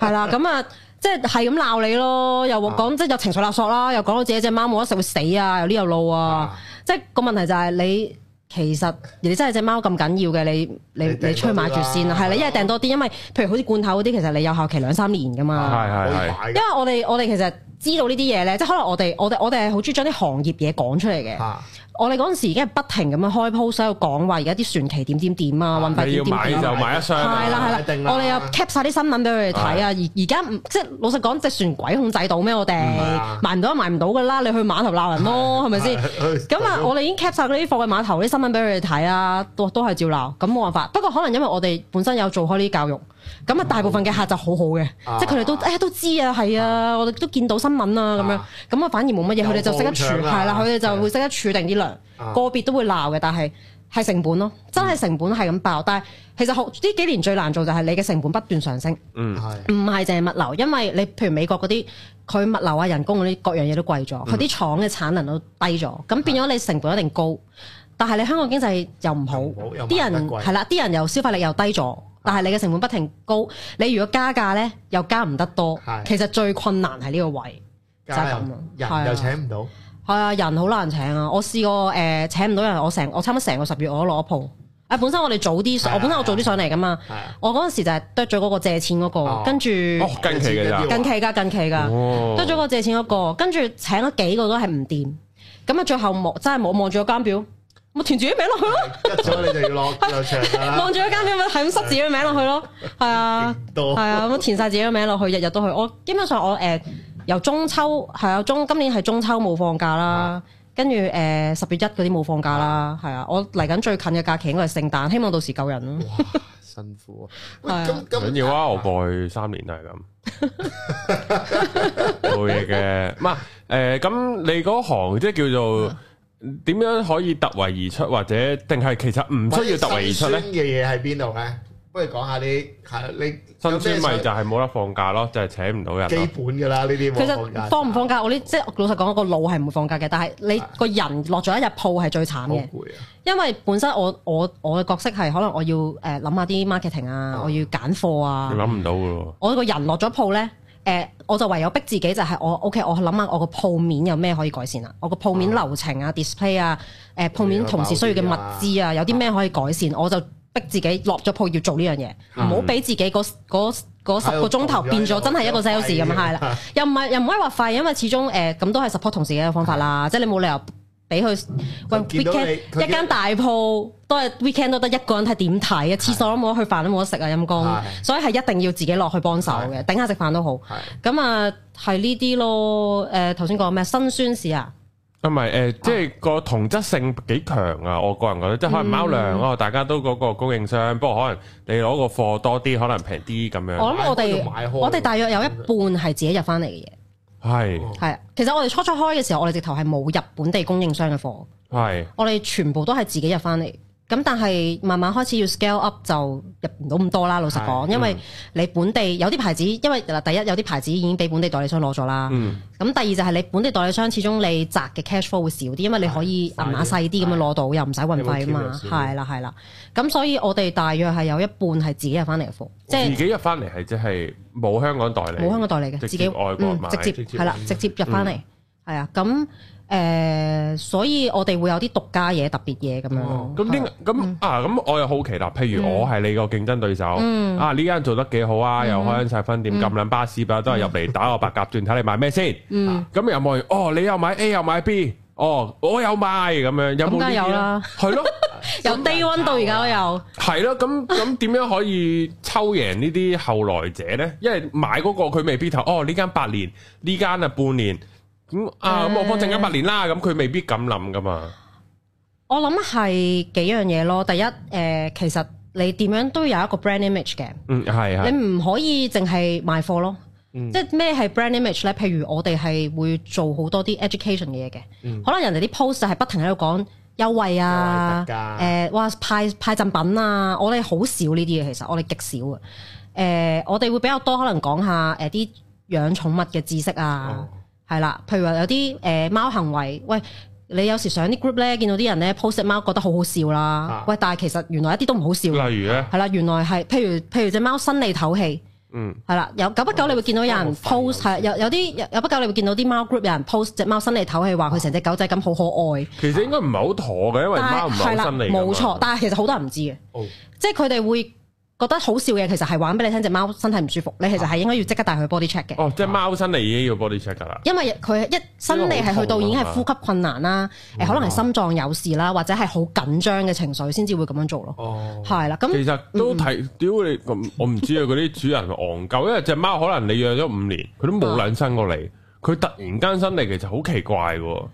係啦，咁啊，即係係咁鬧你咯，又講即係有情緒勒索啦，又講到自己隻貓冇得食會死啊，又呢又怒啊，即係個問題就係你其實人哋真係隻貓咁緊要嘅，你你你出去買住先啦，係啦，一係訂多啲，因為譬如好似罐頭嗰啲，其實你有效期兩三年噶嘛，係係係，因為我哋我哋其實知道呢啲嘢咧，即係可能我哋我哋我哋係好中意將啲行業嘢講出嚟嘅。我哋嗰陣時已經係不停咁樣開鋪，所以講話，而家啲船期點點點啊，運費點點點，要買就買一箱，係啦係啦。我哋又 cap 曬啲新聞俾佢哋睇啊！而而家即係老實講，隻船鬼控制到咩？我哋買唔到咪買唔到㗎啦！你去碼頭鬧人咯，係咪先？咁啊，我哋已經 cap 曬嗰啲貨嘅碼頭啲新聞俾佢哋睇啊，都都係照鬧。咁冇辦法，不過可能因為我哋本身有做開呢啲教育，咁啊大部分嘅客就好好嘅，即係佢哋都都知啊，係啊，我哋都見到新聞啊咁樣，咁啊反而冇乜嘢，佢哋就識得儲，係啦，佢哋就會識得儲定啲個別都會鬧嘅，但係係成本咯，真係成本係咁爆。但係其實好呢幾年最難做就係你嘅成本不斷上升。嗯，係唔係淨係物流？因為你譬如美國嗰啲，佢物流啊、人工嗰啲，各樣嘢都貴咗，佢啲廠嘅產能都低咗，咁變咗你成本一定高。但係你香港經濟又唔好，啲人係啦，啲人又消費力又低咗，但係你嘅成本不停高，你如果加價呢，又加唔得多。其實最困難係呢個位，就係咁，人又請唔到。係啊，人好難請啊！我試過誒，請唔到人，我成我差唔多成個十月我都落鋪。誒，本身我哋早啲，我本身我早啲上嚟噶嘛。我嗰陣時就係得咗嗰個借錢嗰個，跟住哦近期嘅呀，近期噶，近期噶，得咗個借錢嗰個，跟住請咗幾個都係唔掂，咁啊最後真係冇望住個更表，咪填住啲名落去咯。一咗你就要攞，望住個更表咪係咁塞自己嘅名落去咯。係啊，係啊，我填晒自己嘅名落去，日日都去。我基本上我誒。由中秋係啊，中今年係中秋冇放假啦，跟住誒十月一嗰啲冇放假啦，係啊的，我嚟緊最近嘅假期應該係聖誕，希望到時救人咯。哇，辛苦啊！係啊的，唔緊 *laughs* 要啊，我過去三年都係咁冇嘢嘅。唔啊， *laughs* *laughs* 誒咁、呃、你嗰行即係叫做點樣可以突圍而出，或者定係其實唔需要突圍而出咧嘅嘢喺邊度咧？不如講下啲係你，新鮮咪就係冇得放假咯，就係請唔到人。基本㗎啦，呢啲其實放唔放假？啊、我呢即係老實講，個腦係唔會放假嘅，但係你個人落咗一日鋪係最慘嘅。啊、因為本身我我我嘅角色係可能我要誒諗下啲 marketing 啊，我要揀貨啊。你諗唔到㗎喎！我個人落咗鋪咧，誒、呃、我就唯有逼自己就係我 OK，我諗下我個鋪面有咩可以改善啊，我個鋪面流程啊、display 啊、誒鋪面同時需要嘅物資啊，有啲咩可以改善，我就，逼自己落咗鋪要做呢樣嘢，唔好俾自己嗰十個鐘頭變咗真係一個 sales 咁 high 啦。又唔係又唔可以話廢，因為始終誒咁都係 support 同自己嘅方法啦。即係你冇理由俾佢喂 weekend，一間大鋪都係 weekend 都得一個人睇點睇啊！廁所都冇得去，飯都冇得食啊，陰公，所以係一定要自己落去幫手嘅，頂下食飯都好。咁啊係呢啲咯，誒頭先講咩辛酸事啊？同埋誒，即係個同質性幾強啊！我個人覺得，即係可能貓糧啊，大家都嗰個供應商，嗯、不過可能你攞個貨多啲，可能平啲咁樣。我諗我哋我哋大約有一半係自己入翻嚟嘅嘢。係係是，其實我哋初初開嘅時候，我哋直頭係冇入本地供應商嘅貨。係是，我哋全部都係自己入翻嚟。咁但係慢慢開始要 scale up 就入唔到咁多啦，老實講，因為你本地有啲牌子，因為嗱第一有啲牌子已經俾本地代理商攞咗啦。咁第二就係你本地代理商始終你賺嘅 cash flow 會少啲，因為你可以銀碼細啲咁樣攞到，又唔使運費啊嘛。係啦，係啦。咁所以我哋大約係有一半係自己入翻嚟嘅貨，即係自己入翻嚟係即係冇香港代理，冇香港代理嘅，自己外國直接係啦，直接入翻嚟係啊咁。誒，所以我哋會有啲獨家嘢、特別嘢咁樣。咁呢？咁啊？咁我又好奇啦。譬如我係你個競爭對手，啊呢間做得幾好啊，又開晒分店，咁兩巴士巴都係入嚟打個白鴿轉，睇你買咩先。咁有冇？哦，你又買 A 又買 B，哦，我有賣咁樣。有冇梗係有啦。係咯，由 day one 到而家都有。係咯，咁咁點樣可以抽贏呢啲後來者咧？因為買嗰個佢未必投。哦，呢間八年，呢間啊半年。咁、嗯、啊，咁、嗯嗯、我方正八年啦，咁佢未必咁諗噶嘛。我諗係幾樣嘢咯。第一，誒、呃，其實你點樣都要有一個 brand image 嘅。嗯，係。你唔可以淨係賣貨咯。嗯、即係咩係 brand image 咧？譬如我哋係會做好多啲 education 嘅嘢嘅。嗯、可能人哋啲 post 係不停喺度講優惠啊。特價、哦。誒、呃，哇！派派贈品啊！我哋好少呢啲嘢，其實我哋極少嘅。誒、呃，我哋會比較多可能講下誒啲養寵物嘅知識啊。嗯係啦，譬如話有啲誒貓行為，喂，你有時上啲 group 咧，見到啲人咧 post 隻貓，覺得好好笑啦。喂、啊，但係其實原來一啲都唔好笑。例如咧，係啦，原來係譬如譬如隻貓伸脷透氣，嗯，係啦，有久不久你會見到有人 post，係有有啲有，有久不久你會見到啲貓 group 有人 post 隻貓伸脷透氣，話佢成隻狗仔咁好可愛。啊、其實應該唔係好妥嘅，因為貓唔係伸脷。冇錯，但係其實好多人唔知嘅，嗯哦哦、即係佢哋會。覺得好笑嘅，其實係玩俾你聽。隻貓身體唔舒服，你其實係應該要即刻帶佢去 body check 嘅。哦，即係貓身嚟已經要 body check 噶啦。因為佢一新嚟係去到已經係呼吸困難啦，誒、啊，可能係心臟有事啦，啊、或者係好緊張嘅情緒先至會咁樣做咯。哦，係啦，咁其實都睇屌你咁，嗯、我唔知啊。啲主人戇鳩，因為隻貓可能你養咗五年，佢都冇卵新過你。佢、啊、突然間新嚟，其實好奇怪嘅。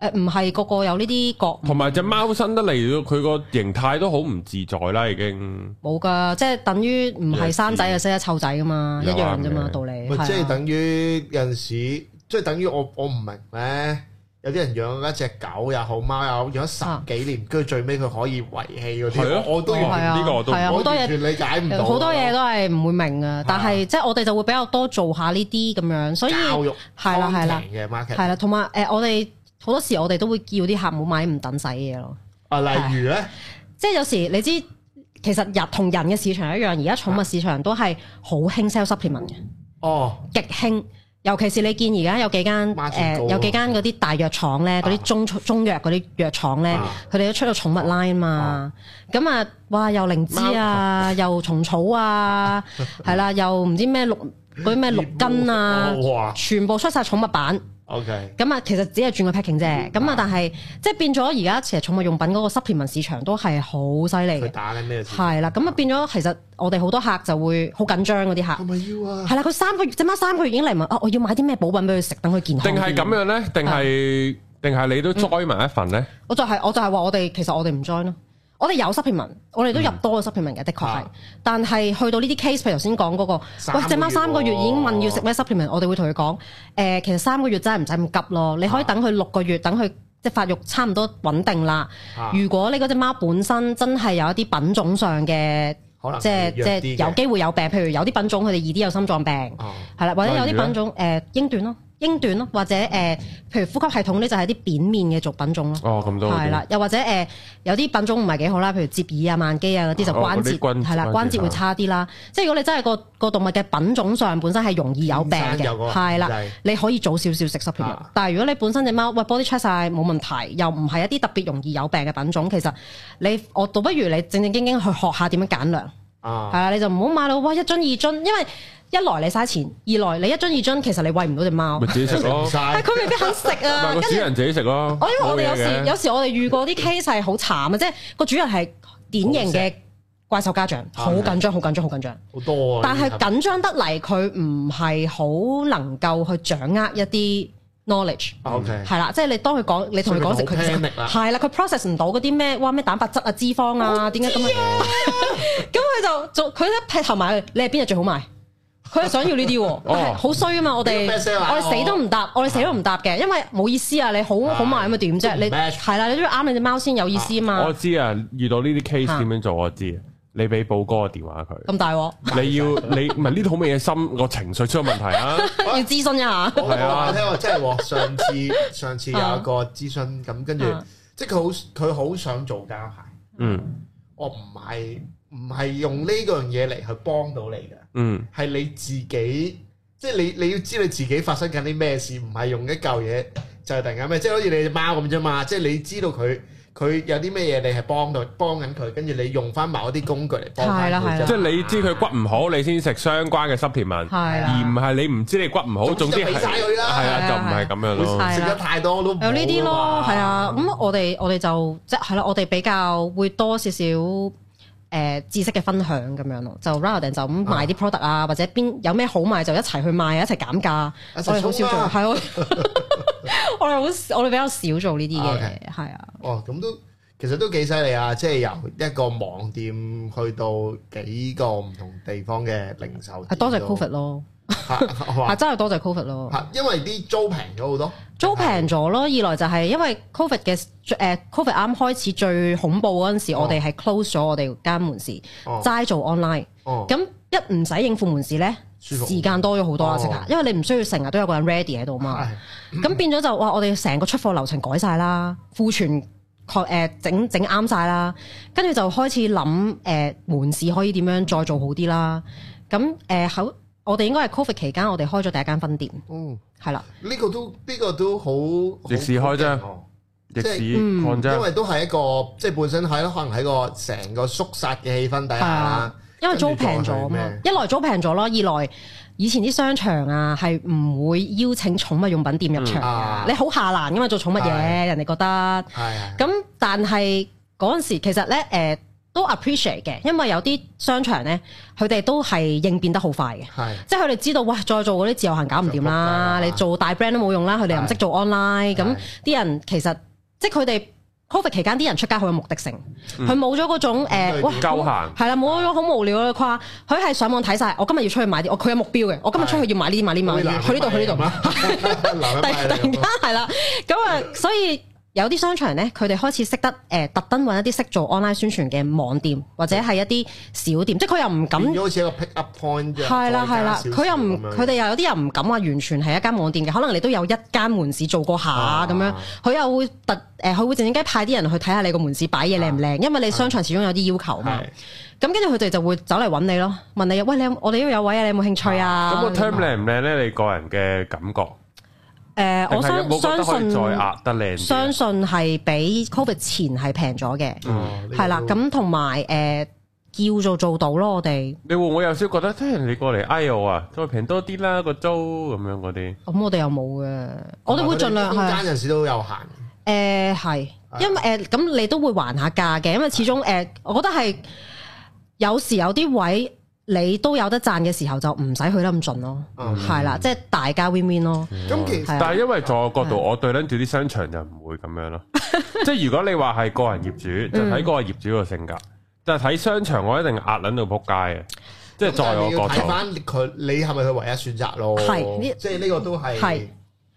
誒，唔係個個有呢啲角，同埋隻貓生得嚟，佢個形態都好唔自在啦，已經冇噶，即係等於唔係生仔啊，識得湊仔噶嘛，一樣啫嘛，道理。即係等於有陣時，即係等於我我唔明咧，有啲人養一隻狗也好，貓也好，養咗十幾年，跟住最尾佢可以遺棄嗰啲，我都要呢個我都係好多嘢理解唔到，好多嘢都係唔會明啊。但係即係我哋就會比較多做下呢啲咁樣，所以係啦係啦，係啦，同埋誒我哋。好多時我哋都會叫啲客唔好買唔等使嘅嘢咯。啊，例如咧，即係有時你知，其實日同人嘅市場一樣，而家寵物市場都係好興 sell supplement 嘅。哦，極興，尤其是你見而家有幾間誒，有幾間嗰啲大藥廠咧，嗰啲中中藥嗰啲藥廠咧，佢哋都出咗寵物 line 嘛。咁啊，哇，又靈芝啊，又蟲草啊，係啦，又唔知咩綠嗰啲咩綠根啊，全部出晒寵物版。OK，咁啊，其實只係轉個 packing 啫，咁啊，但係即係變咗而家其實寵物用品嗰個濕皮文市場都係好犀利，佢打緊咩？個，係啦，咁啊變咗其實我哋好多客就會好緊張嗰啲客，係咪要啊？係啦，佢三個月，隻貓三個月已經嚟問，哦，我要買啲咩補品俾佢食，等佢健，健康，定係咁樣咧？定係定係你都 join 埋一,一份咧、嗯？我就係、是、我就係話我哋其實我哋唔 join 咯。我哋有 supplement，我哋都入多個 supplement 嘅，的確係。嗯啊、但係去到呢啲 case，譬如頭先講嗰個，喂、哦！隻貓三個月已經問要食咩 supplement，我哋會同佢講，誒、呃，其實三個月真係唔使咁急咯，啊、你可以等佢六個月，等佢即係發育差唔多穩定啦。啊、如果你嗰隻貓本身真係有一啲品種上嘅，即係即係有機會有病，譬如有啲品種佢哋易啲有心臟病，係啦、啊，或者有啲品種誒、呃、英短咯。英短咯，或者誒、呃，譬如呼吸系統呢，就係啲扁面嘅族品種咯。哦，咁都係啦。又或者誒、呃，有啲品種唔係幾好啦，譬如折耳啊、萬基啊嗰啲就關節，係啦的，關節會差啲啦。啊、即係如果你真係個個動物嘅品種上本身係容易有病嘅，係啦，的的你可以早少少食濕皮糧。啊、但係如果你本身隻貓喂 body check 曬冇問題，又唔係一啲特別容易有病嘅品種，其實你我倒不如你正正經,經經去學下點樣揀糧。啊，係啦、啊，你就唔好買到哇一樽二樽，因為。一來你嘥錢，二來你一樽二樽，其實你喂唔到隻貓。咪自己食咯。但佢未必肯食啊。咪個主人自己食咯。我因為我哋有時有時我哋遇過啲 case 係好慘啊，即係個主人係典型嘅怪獸家長，好緊張，好緊張，好緊張。好多啊！但係緊張得嚟，佢唔係好能夠去掌握一啲 knowledge。OK 係啦，即係你當佢講，你同佢講成佢唔聽啦。係啦，佢 process 唔到嗰啲咩？哇咩蛋白質啊，脂肪啊，點解咁啊？咁佢就做佢一劈頭埋去，你係邊日最好賣？佢係想要呢啲喎，我係好衰啊嘛！我哋我哋死都唔答，我哋死都唔答嘅，因為冇意思啊！你好好賣咁又點啫？你係啦，你都要啱你隻貓先有意思啊嘛！我知啊，遇到呢啲 case 點樣做，我知。你俾寶哥個電話佢。咁大鑊！你要你唔係呢好咩嘢心？我情緒出咗問題啊！要諮詢一下。係啊，因為真係上次上次有一個諮詢咁，跟住即係佢好佢好想做膠鞋。嗯，我唔係。唔係用呢樣嘢嚟去幫到你嘅，嗯，係你自己，即係你你要知道自己發生緊啲咩事，唔係用一嚿嘢就突然間咩，即係好似你隻貓咁啫嘛，即係你知道佢佢有啲咩嘢，你係幫到，幫緊佢，跟住你用翻某一啲工具嚟幫翻佢，即係你知佢骨唔好，你先食相關嘅 supplement，而唔係你唔知你骨唔好，總之係，係啊，就唔係咁樣食得太多都冇呢啲咯，係啊，咁我哋我哋就即係啦，我哋比較會多少少。誒、呃、知識嘅分享咁樣咯，就 riding 就咁賣啲 product 啊，或者邊有咩好賣就一齊去賣，一齊減價。啊、我哋好少做，係、啊、我哋好 *laughs* *laughs* 我哋比較少做呢啲嘅，係啊。Okay. 啊哦，咁都其實都幾犀利啊！即、就、係、是、由一個網店去到幾個唔同地方嘅零售店。多謝 Covid 咯。係 *laughs* ，真係多謝 Covid 咯。因為啲租，租平咗好多，租平咗咯。二來就係因為 Covid 嘅，誒，Covid 啱開始最恐怖嗰陣時，oh. 我哋係 close 咗我哋間門市，齋、oh. 做 online。哦，咁一唔使應付門市咧，時間多咗好多啊！即係，因為你唔需要成日都有個人 ready 喺度嘛。咁、oh. 變咗就哇，我哋成個出貨流程改晒啦，庫存確誒、呃、整整啱晒啦。跟住就開始諗誒、呃、門市可以點樣再做好啲啦。咁誒好。呃口我哋應該係 Covid 期間，我哋開咗第一間分店。嗯，係啦，呢個都呢個都好逆市開張，逆市擴張，因為都係一個即係本身喺可能喺個成個肅殺嘅氣氛底下，因為租平咗啊嘛。一來租平咗咯，二來以前啲商場啊係唔會邀請寵物用品店入場，你好下欄噶嘛做寵物嘢，人哋覺得。係。咁但係嗰陣時其實咧誒，都 appreciate 嘅，因為有啲商場咧，佢哋都係應變得好快嘅，即係佢哋知道哇，再做嗰啲自由行搞唔掂啦，你做大 brand 都冇用啦，佢哋又唔識做 online，咁啲人其實即係佢哋 COVID 期間啲人出街好有目的性，佢冇咗嗰種誒，夠閒係啦，冇咗好無聊啦，誇佢係上網睇晒，我今日要出去買啲，佢有目標嘅，我今日出去要買呢啲買呢買，去呢度去呢度，突突然間係啦，咁啊，所以。有啲商場咧，佢哋開始識得誒，特登揾一啲識做 online 宣傳嘅網店，或者係一啲小店。嗯、即係佢又唔敢。變咗好似一個 pickup point 啫的。係啦係啦，佢又唔佢哋又有啲人唔敢話完全係一間網店嘅，可能你都有一間門市做過下咁、啊、樣。佢又會特誒，佢、呃、會靜靜雞派啲人去睇下你個門市擺嘢靚唔靚，因為你商場始終有啲要求嘛。咁跟住佢哋就會走嚟揾你咯，問你，喂，你我哋呢度有位啊，你有冇興趣啊？咁、 *laughs* 嗯，那個 term 靚唔靚咧？你個人嘅感覺。誒，我相、呃、相信相信係比 covid 前係平咗嘅，係啦、嗯，咁同埋誒，叫做做到咯，我哋。你會唔會有少少覺得，聽人哋過嚟嗌我啊，再平多啲啦個租咁樣嗰啲。咁我哋又冇嘅，我哋會盡量。中間有陣時都有限。誒，係、呃，因為誒，咁、呃、你都會還下價嘅，因為始終誒、呃，我覺得係有時有啲位。你都有得賺嘅時候，就唔使去得咁盡咯，係啦，即係大家 win win 咯。咁其但係因為在我角度，我對擰住啲商場就唔會咁樣咯。即係如果你話係個人業主，就睇個業主個性格。但係睇商場，我一定壓撚到撲街嘅。即係在我角度，佢你係咪佢唯一選擇咯？係，即係呢個都係係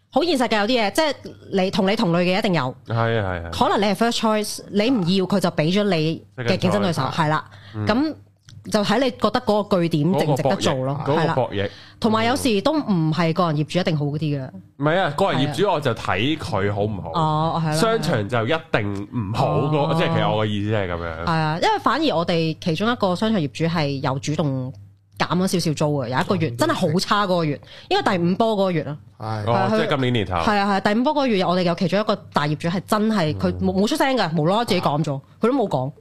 好現實嘅。有啲嘢，即係你同你同類嘅一定有。係啊，係可能你係 first choice，你唔要佢就俾咗你嘅競爭對手係啦。咁。就睇你覺得嗰個據點值唔值得做咯，個博啦，同埋有時都唔係個人業主一定好啲嘅。唔係啊，個人業主我就睇佢好唔好。哦的，係啦。商場就一定唔好個，即係其實我嘅意思係咁樣。係啊，因為反而我哋其中一個商場業主係有主動。減咗少少租啊。有一個月真係好差嗰個月，因為第五波嗰個月咯，即係今年年頭，係啊係啊，第五波嗰個月我哋有其中一個大業主係真係佢冇出聲嘅，冇啦啦自己減咗，佢都冇講，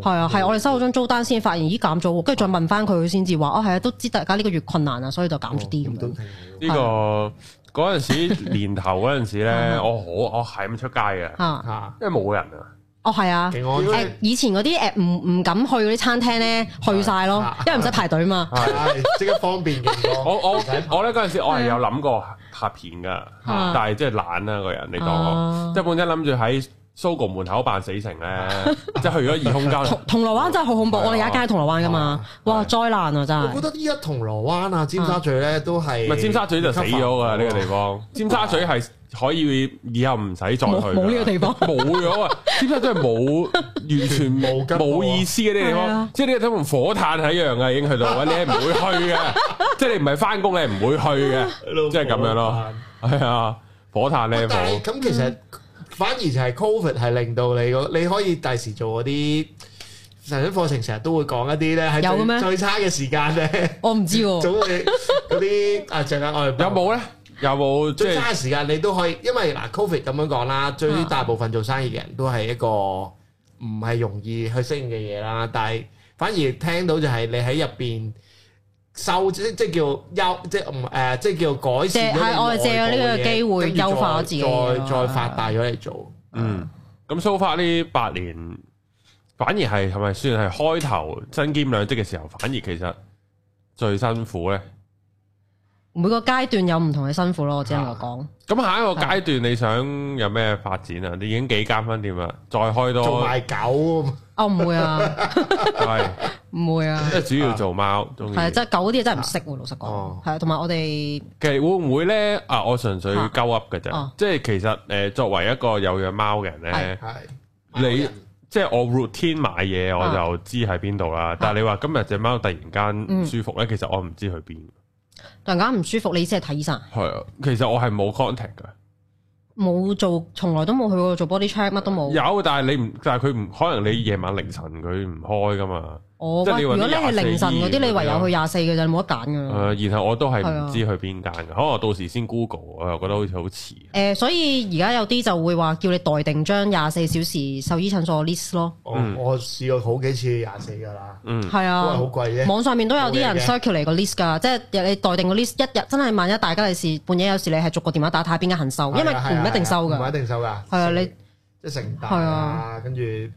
係啊係我哋收咗張租單先發現咦減咗，跟住再問翻佢先至話哦，係啊，都知大家呢個月困難啊，所以就減咗啲咁樣。呢個嗰陣時年頭嗰陣時咧，我好，我係咁出街嘅，因為冇人啊。哦，係啊，誒為、啊、以前嗰啲誒唔唔敢去嗰啲餐廳咧，去晒咯，的因為唔使排隊嘛，的 *laughs* 即刻方便好多 *laughs* 我我我咧嗰陣時，我係 *laughs* 有諗過拍片噶，的但係即係懶啦個、啊、人，你當我的的即係本身諗住喺。Sogo 門口扮死城咧，即係去咗二空間。銅銅鑼灣真係好恐怖，我哋而家間喺銅鑼灣噶嘛，哇災難啊真係！我覺得依家銅鑼灣啊、尖沙咀咧都係唔係尖沙咀就死咗噶呢個地方，尖沙咀係可以以後唔使再去冇呢個地方，冇咗啊！尖沙咀係冇完全冇冇意思嘅呢個地方，即係呢個都同火炭係一樣噶，已經去到你係唔會去嘅，即係你唔係翻工你係唔會去嘅，即係咁樣咯，係啊，火炭 level。但係咁其實。反而就係 covid 係令到你你可以第時做嗰啲成日課程，成日都會講一啲咧，喺有咩最差嘅時間咧。我唔知喎、啊，總會嗰啲啊，成日外有冇咧？有冇最差嘅時間你都可以，因為嗱、呃、covid 咁樣講啦，最大部分做生意嘅人都係一個唔係容易去適應嘅嘢啦。但係反而聽到就係你喺入邊。收即叫、呃、即叫優即唔誒即叫改善咗。借係我係借咗呢個機會優化自己，再再發大咗嚟做。嗯，咁 so far 呢八年，反而係係咪算係開頭身兼兩職嘅時候，反而其實最辛苦咧？每個階段有唔同嘅辛苦咯，我只能夠講。咁下一個階段你想有咩發展啊？你已經幾間分店啦，再開多。做埋狗？我唔會啊。係。唔會啊。即係主要做貓，係。即係狗啲嘢真係唔識，老實講。係啊，同埋我哋。其實會唔會咧？啊，我純粹鳩噏嘅啫。即係其實誒，作為一個有養貓嘅人咧，係。你即係我 routine 買嘢，我就知喺邊度啦。但係你話今日隻貓突然間唔舒服咧，其實我唔知去邊。突然間唔舒服，你先係睇醫生。係啊，其實我係冇 contact 㗎，冇做，從來都冇去過做 body check，乜都冇。有，但係你唔，但係佢唔可能你夜晚凌晨佢唔開噶嘛。哦，如果你係凌晨嗰啲，你唯有去廿四嘅就冇得揀嘅。誒，然後我都係唔知去邊間嘅，可能到時先 Google。我又覺得好似好遲。誒，所以而家有啲就會話叫你待定張廿四小時獸醫診所 list 咯。我試過好幾次廿四㗎啦。嗯，係啊，好貴嘅。網上面都有啲人 circulate 個 list 噶。即係你待定個 list 一日，真係萬一大吉利是，半夜有時你係逐個電話打睇下邊間肯收，因為唔一定收㗎。唔一定收㗎。係啊，你。即係城大啊，跟住誒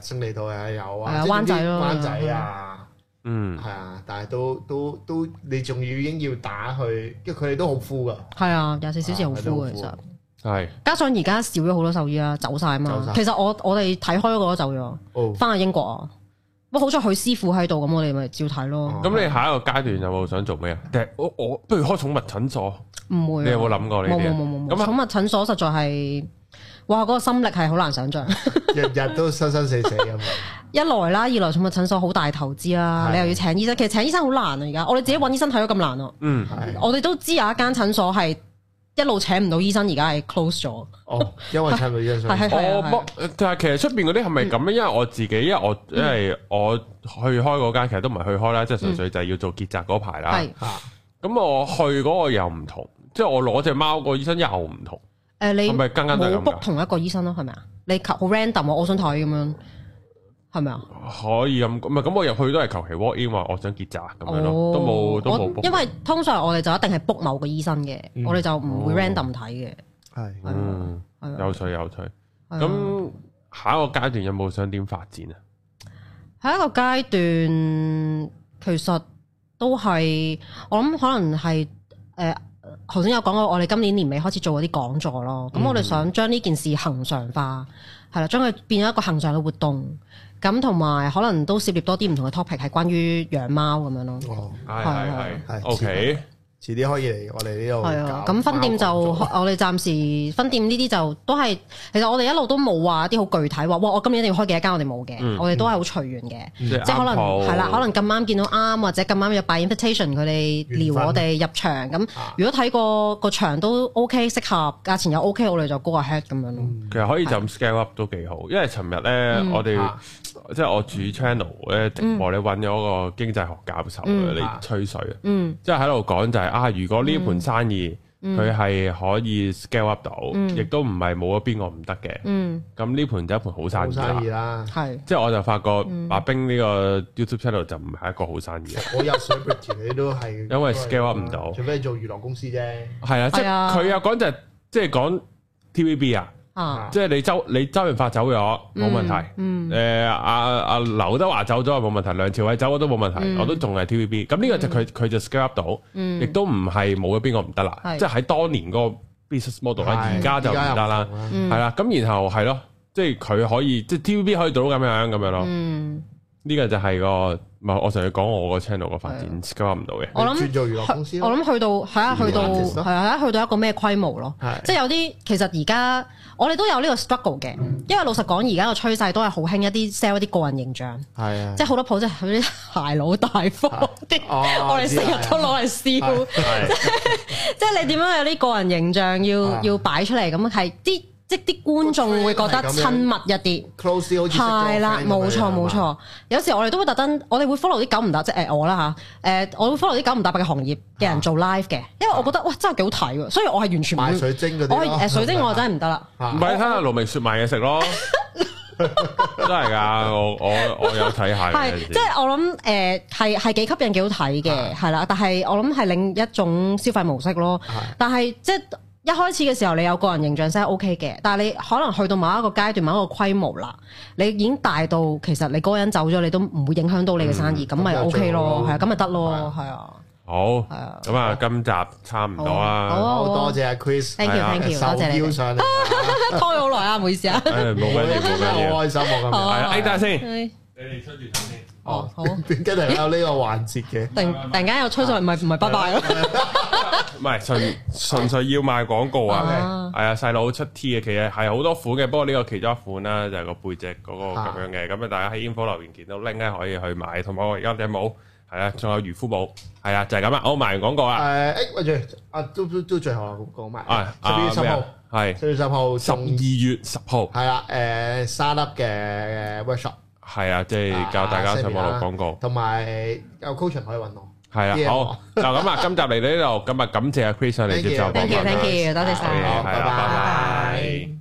勝利道又有啊，即係啲灣仔啊，嗯係啊，但係都都都，你仲要已經要打去，因為佢哋都好呼噶。係啊，廿四小時好呼其實。係。加上而家少咗好多獸醫啊，走晒啊嘛。其實我我哋睇開個都走咗，翻去英國啊。我好彩佢師傅喺度，咁我哋咪照睇咯。咁你下一個階段有冇想做咩啊？我我不如開寵物診所。唔會。你有冇諗過呢啲？冇冇冇冇。寵物診所實在係。哇！嗰個心力係好難想像，日日都生生死死咁。一來啦，二來寵物診所好大投資啦，的你又要請醫生，其實請醫生好難啊！而家我哋自己揾醫生睇都咁難咯，啊。嗯的，係。我哋都知有一間診所係一路請唔到醫生，而家係 close 咗。哦，因為請到醫生。 *laughs* 我但係其實出邊嗰啲係咪咁咧？嗯、因為我自己，因為我因為我去開嗰間，其實都唔係去開啦，即係純粹就係要做結紮嗰排啦。係、嗯。咁的我去嗰個又唔同，即係我攞隻貓個醫生又唔同。誒、呃，你冇 book 同一個醫生咯，係咪啊？你求好 random，我想睇咁樣，係咪啊？可以咁，唔係咁我入去都係求其 walk in 話我想結紮咁樣咯、哦，都冇都冇 book。因為通常我哋就一定係 book 某個醫生嘅，我哋就唔會 random 睇嘅。係，嗯，有趣有趣。咁的下一個階段有冇想點發展啊？下一個階段其實都係我諗，可能係誒。呃頭先有講過，我哋今年年尾開始做嗰啲講座咯，咁我哋想將呢件事恆常化，係啦，將佢變咗一個恆常嘅活動，咁同埋可能都涉獵多啲唔同嘅 topic，係關於養貓咁樣咯，係係係，OK。遲啲可以嚟我哋呢度。係啊，咁分店就我哋暫時分店呢啲就都係，其實我哋一路都冇話啲好具體話，哇！我今年一定要開幾間，我哋冇嘅，我哋都係好隨緣嘅，即係可能係啦，可能咁啱見到啱，或者咁啱有 by invitation 佢哋撩我哋入場。咁如果睇過個場都 OK 適合，價錢又 OK，我哋就 go ahead 咁樣咯。其實可以就咁 scale up 都幾好，因為尋日咧我哋。即係我主 channel 咧直播，你搵咗個經濟學教授嚟吹水，即係喺度講就係啊，如果呢盤生意佢係可以 scale up 到，亦都唔係冇咗邊個唔得嘅，咁呢盤就一盤好生意啦。係，即係我就發覺阿兵呢個 YouTube channel 就唔係一個好生意。我有水賺錢，你都係因為 scale up 唔到，除非你做娛樂公司啫。係啊，即係佢又講就係即係講 TVB 啊。即係你周你周潤發走咗冇問題，誒阿阿劉德華走咗冇問題，梁朝偉走咗都冇問題，我都仲係 TVB。咁呢個就佢佢就 scale up 到，亦都唔係冇咗邊個唔得啦。即係喺當年嗰個 business model，而家就唔得啦，係啦。咁然後係咯，即係佢可以即係 TVB 可以做到咁樣咁樣咯。呢個就係個，唔係我成日講我個 channel 個發展計劃唔到嘅。我諗轉做娛樂公司，我諗去到係啊，去到係啊，去到一個咩規模咯？即係有啲其實而家我哋都有呢個 struggle 嘅，因為老實講而家個趨勢都係好興一啲 sell 一啲個人形象，係啊，即係好多鋪即係嗰啲鞋佬大方啲，我哋成日都攞嚟笑，即係即你點樣有啲個人形象要要擺出嚟咁樣係啲。即啲觀眾會覺得親密一啲，Close，係啦，冇錯冇錯。有時我哋都會特登，我哋會 follow 啲九唔搭，即係我啦嚇，誒我會 follow 啲九唔搭八嘅行業嘅人做 live 嘅，因為我覺得哇真係幾好睇喎，所以我係完全買水晶嗰啲，誒水晶我真係唔得啦，唔係，睇下盧明雪賣嘢食咯，真係㗎，我我我有睇下，係即係我諗誒係係幾吸引幾好睇嘅，係啦，但係我諗係另一種消費模式咯，但係即係。一開始嘅時候你有個人形象先係 OK 嘅，但係你可能去到某一個階段，某一個規模啦，你已經大到其實你嗰個人走咗，你都唔會影響到你嘅生意，咁咪 OK 咯，係啊，咁咪得咯，係啊，好，係啊，咁啊，今集差唔多啦，好多謝 Chris，thank you，thank you，多謝你。拖咗好耐啊，唔好意思啊，冇問題，冇乜嘢，好開心，係啊，等下先，你哋出住哦，好，點解突然有呢個環節嘅？突突然間又吹上，唔係唔係，拜拜咯，唔係純純粹要賣廣告啊？係啊，細佬出 T 嘅，其實係好多款嘅，不過呢個其中一款啦，就係個背脊嗰個咁樣嘅，咁啊，大家喺 info 留言見到 link，可以去買。同埋我有隻帽，係啊，仲有漁夫帽，係啊，就係咁啊，好，賣完廣告啊！誒，誒，喂住，阿都都都最後啊，講埋啊，十月十號，係十月十號，十二月十號，係啊，誒，三粒嘅 workshop。係啊，即係、就是、教大家上網做廣告，同埋有 coach 可以揾我。係啊的，好就咁啊，今集嚟到呢度，噉啊，感謝阿 Chris 上嚟接受，接受。Thank you，Thank you，多謝晒！拜拜。拜拜 *music*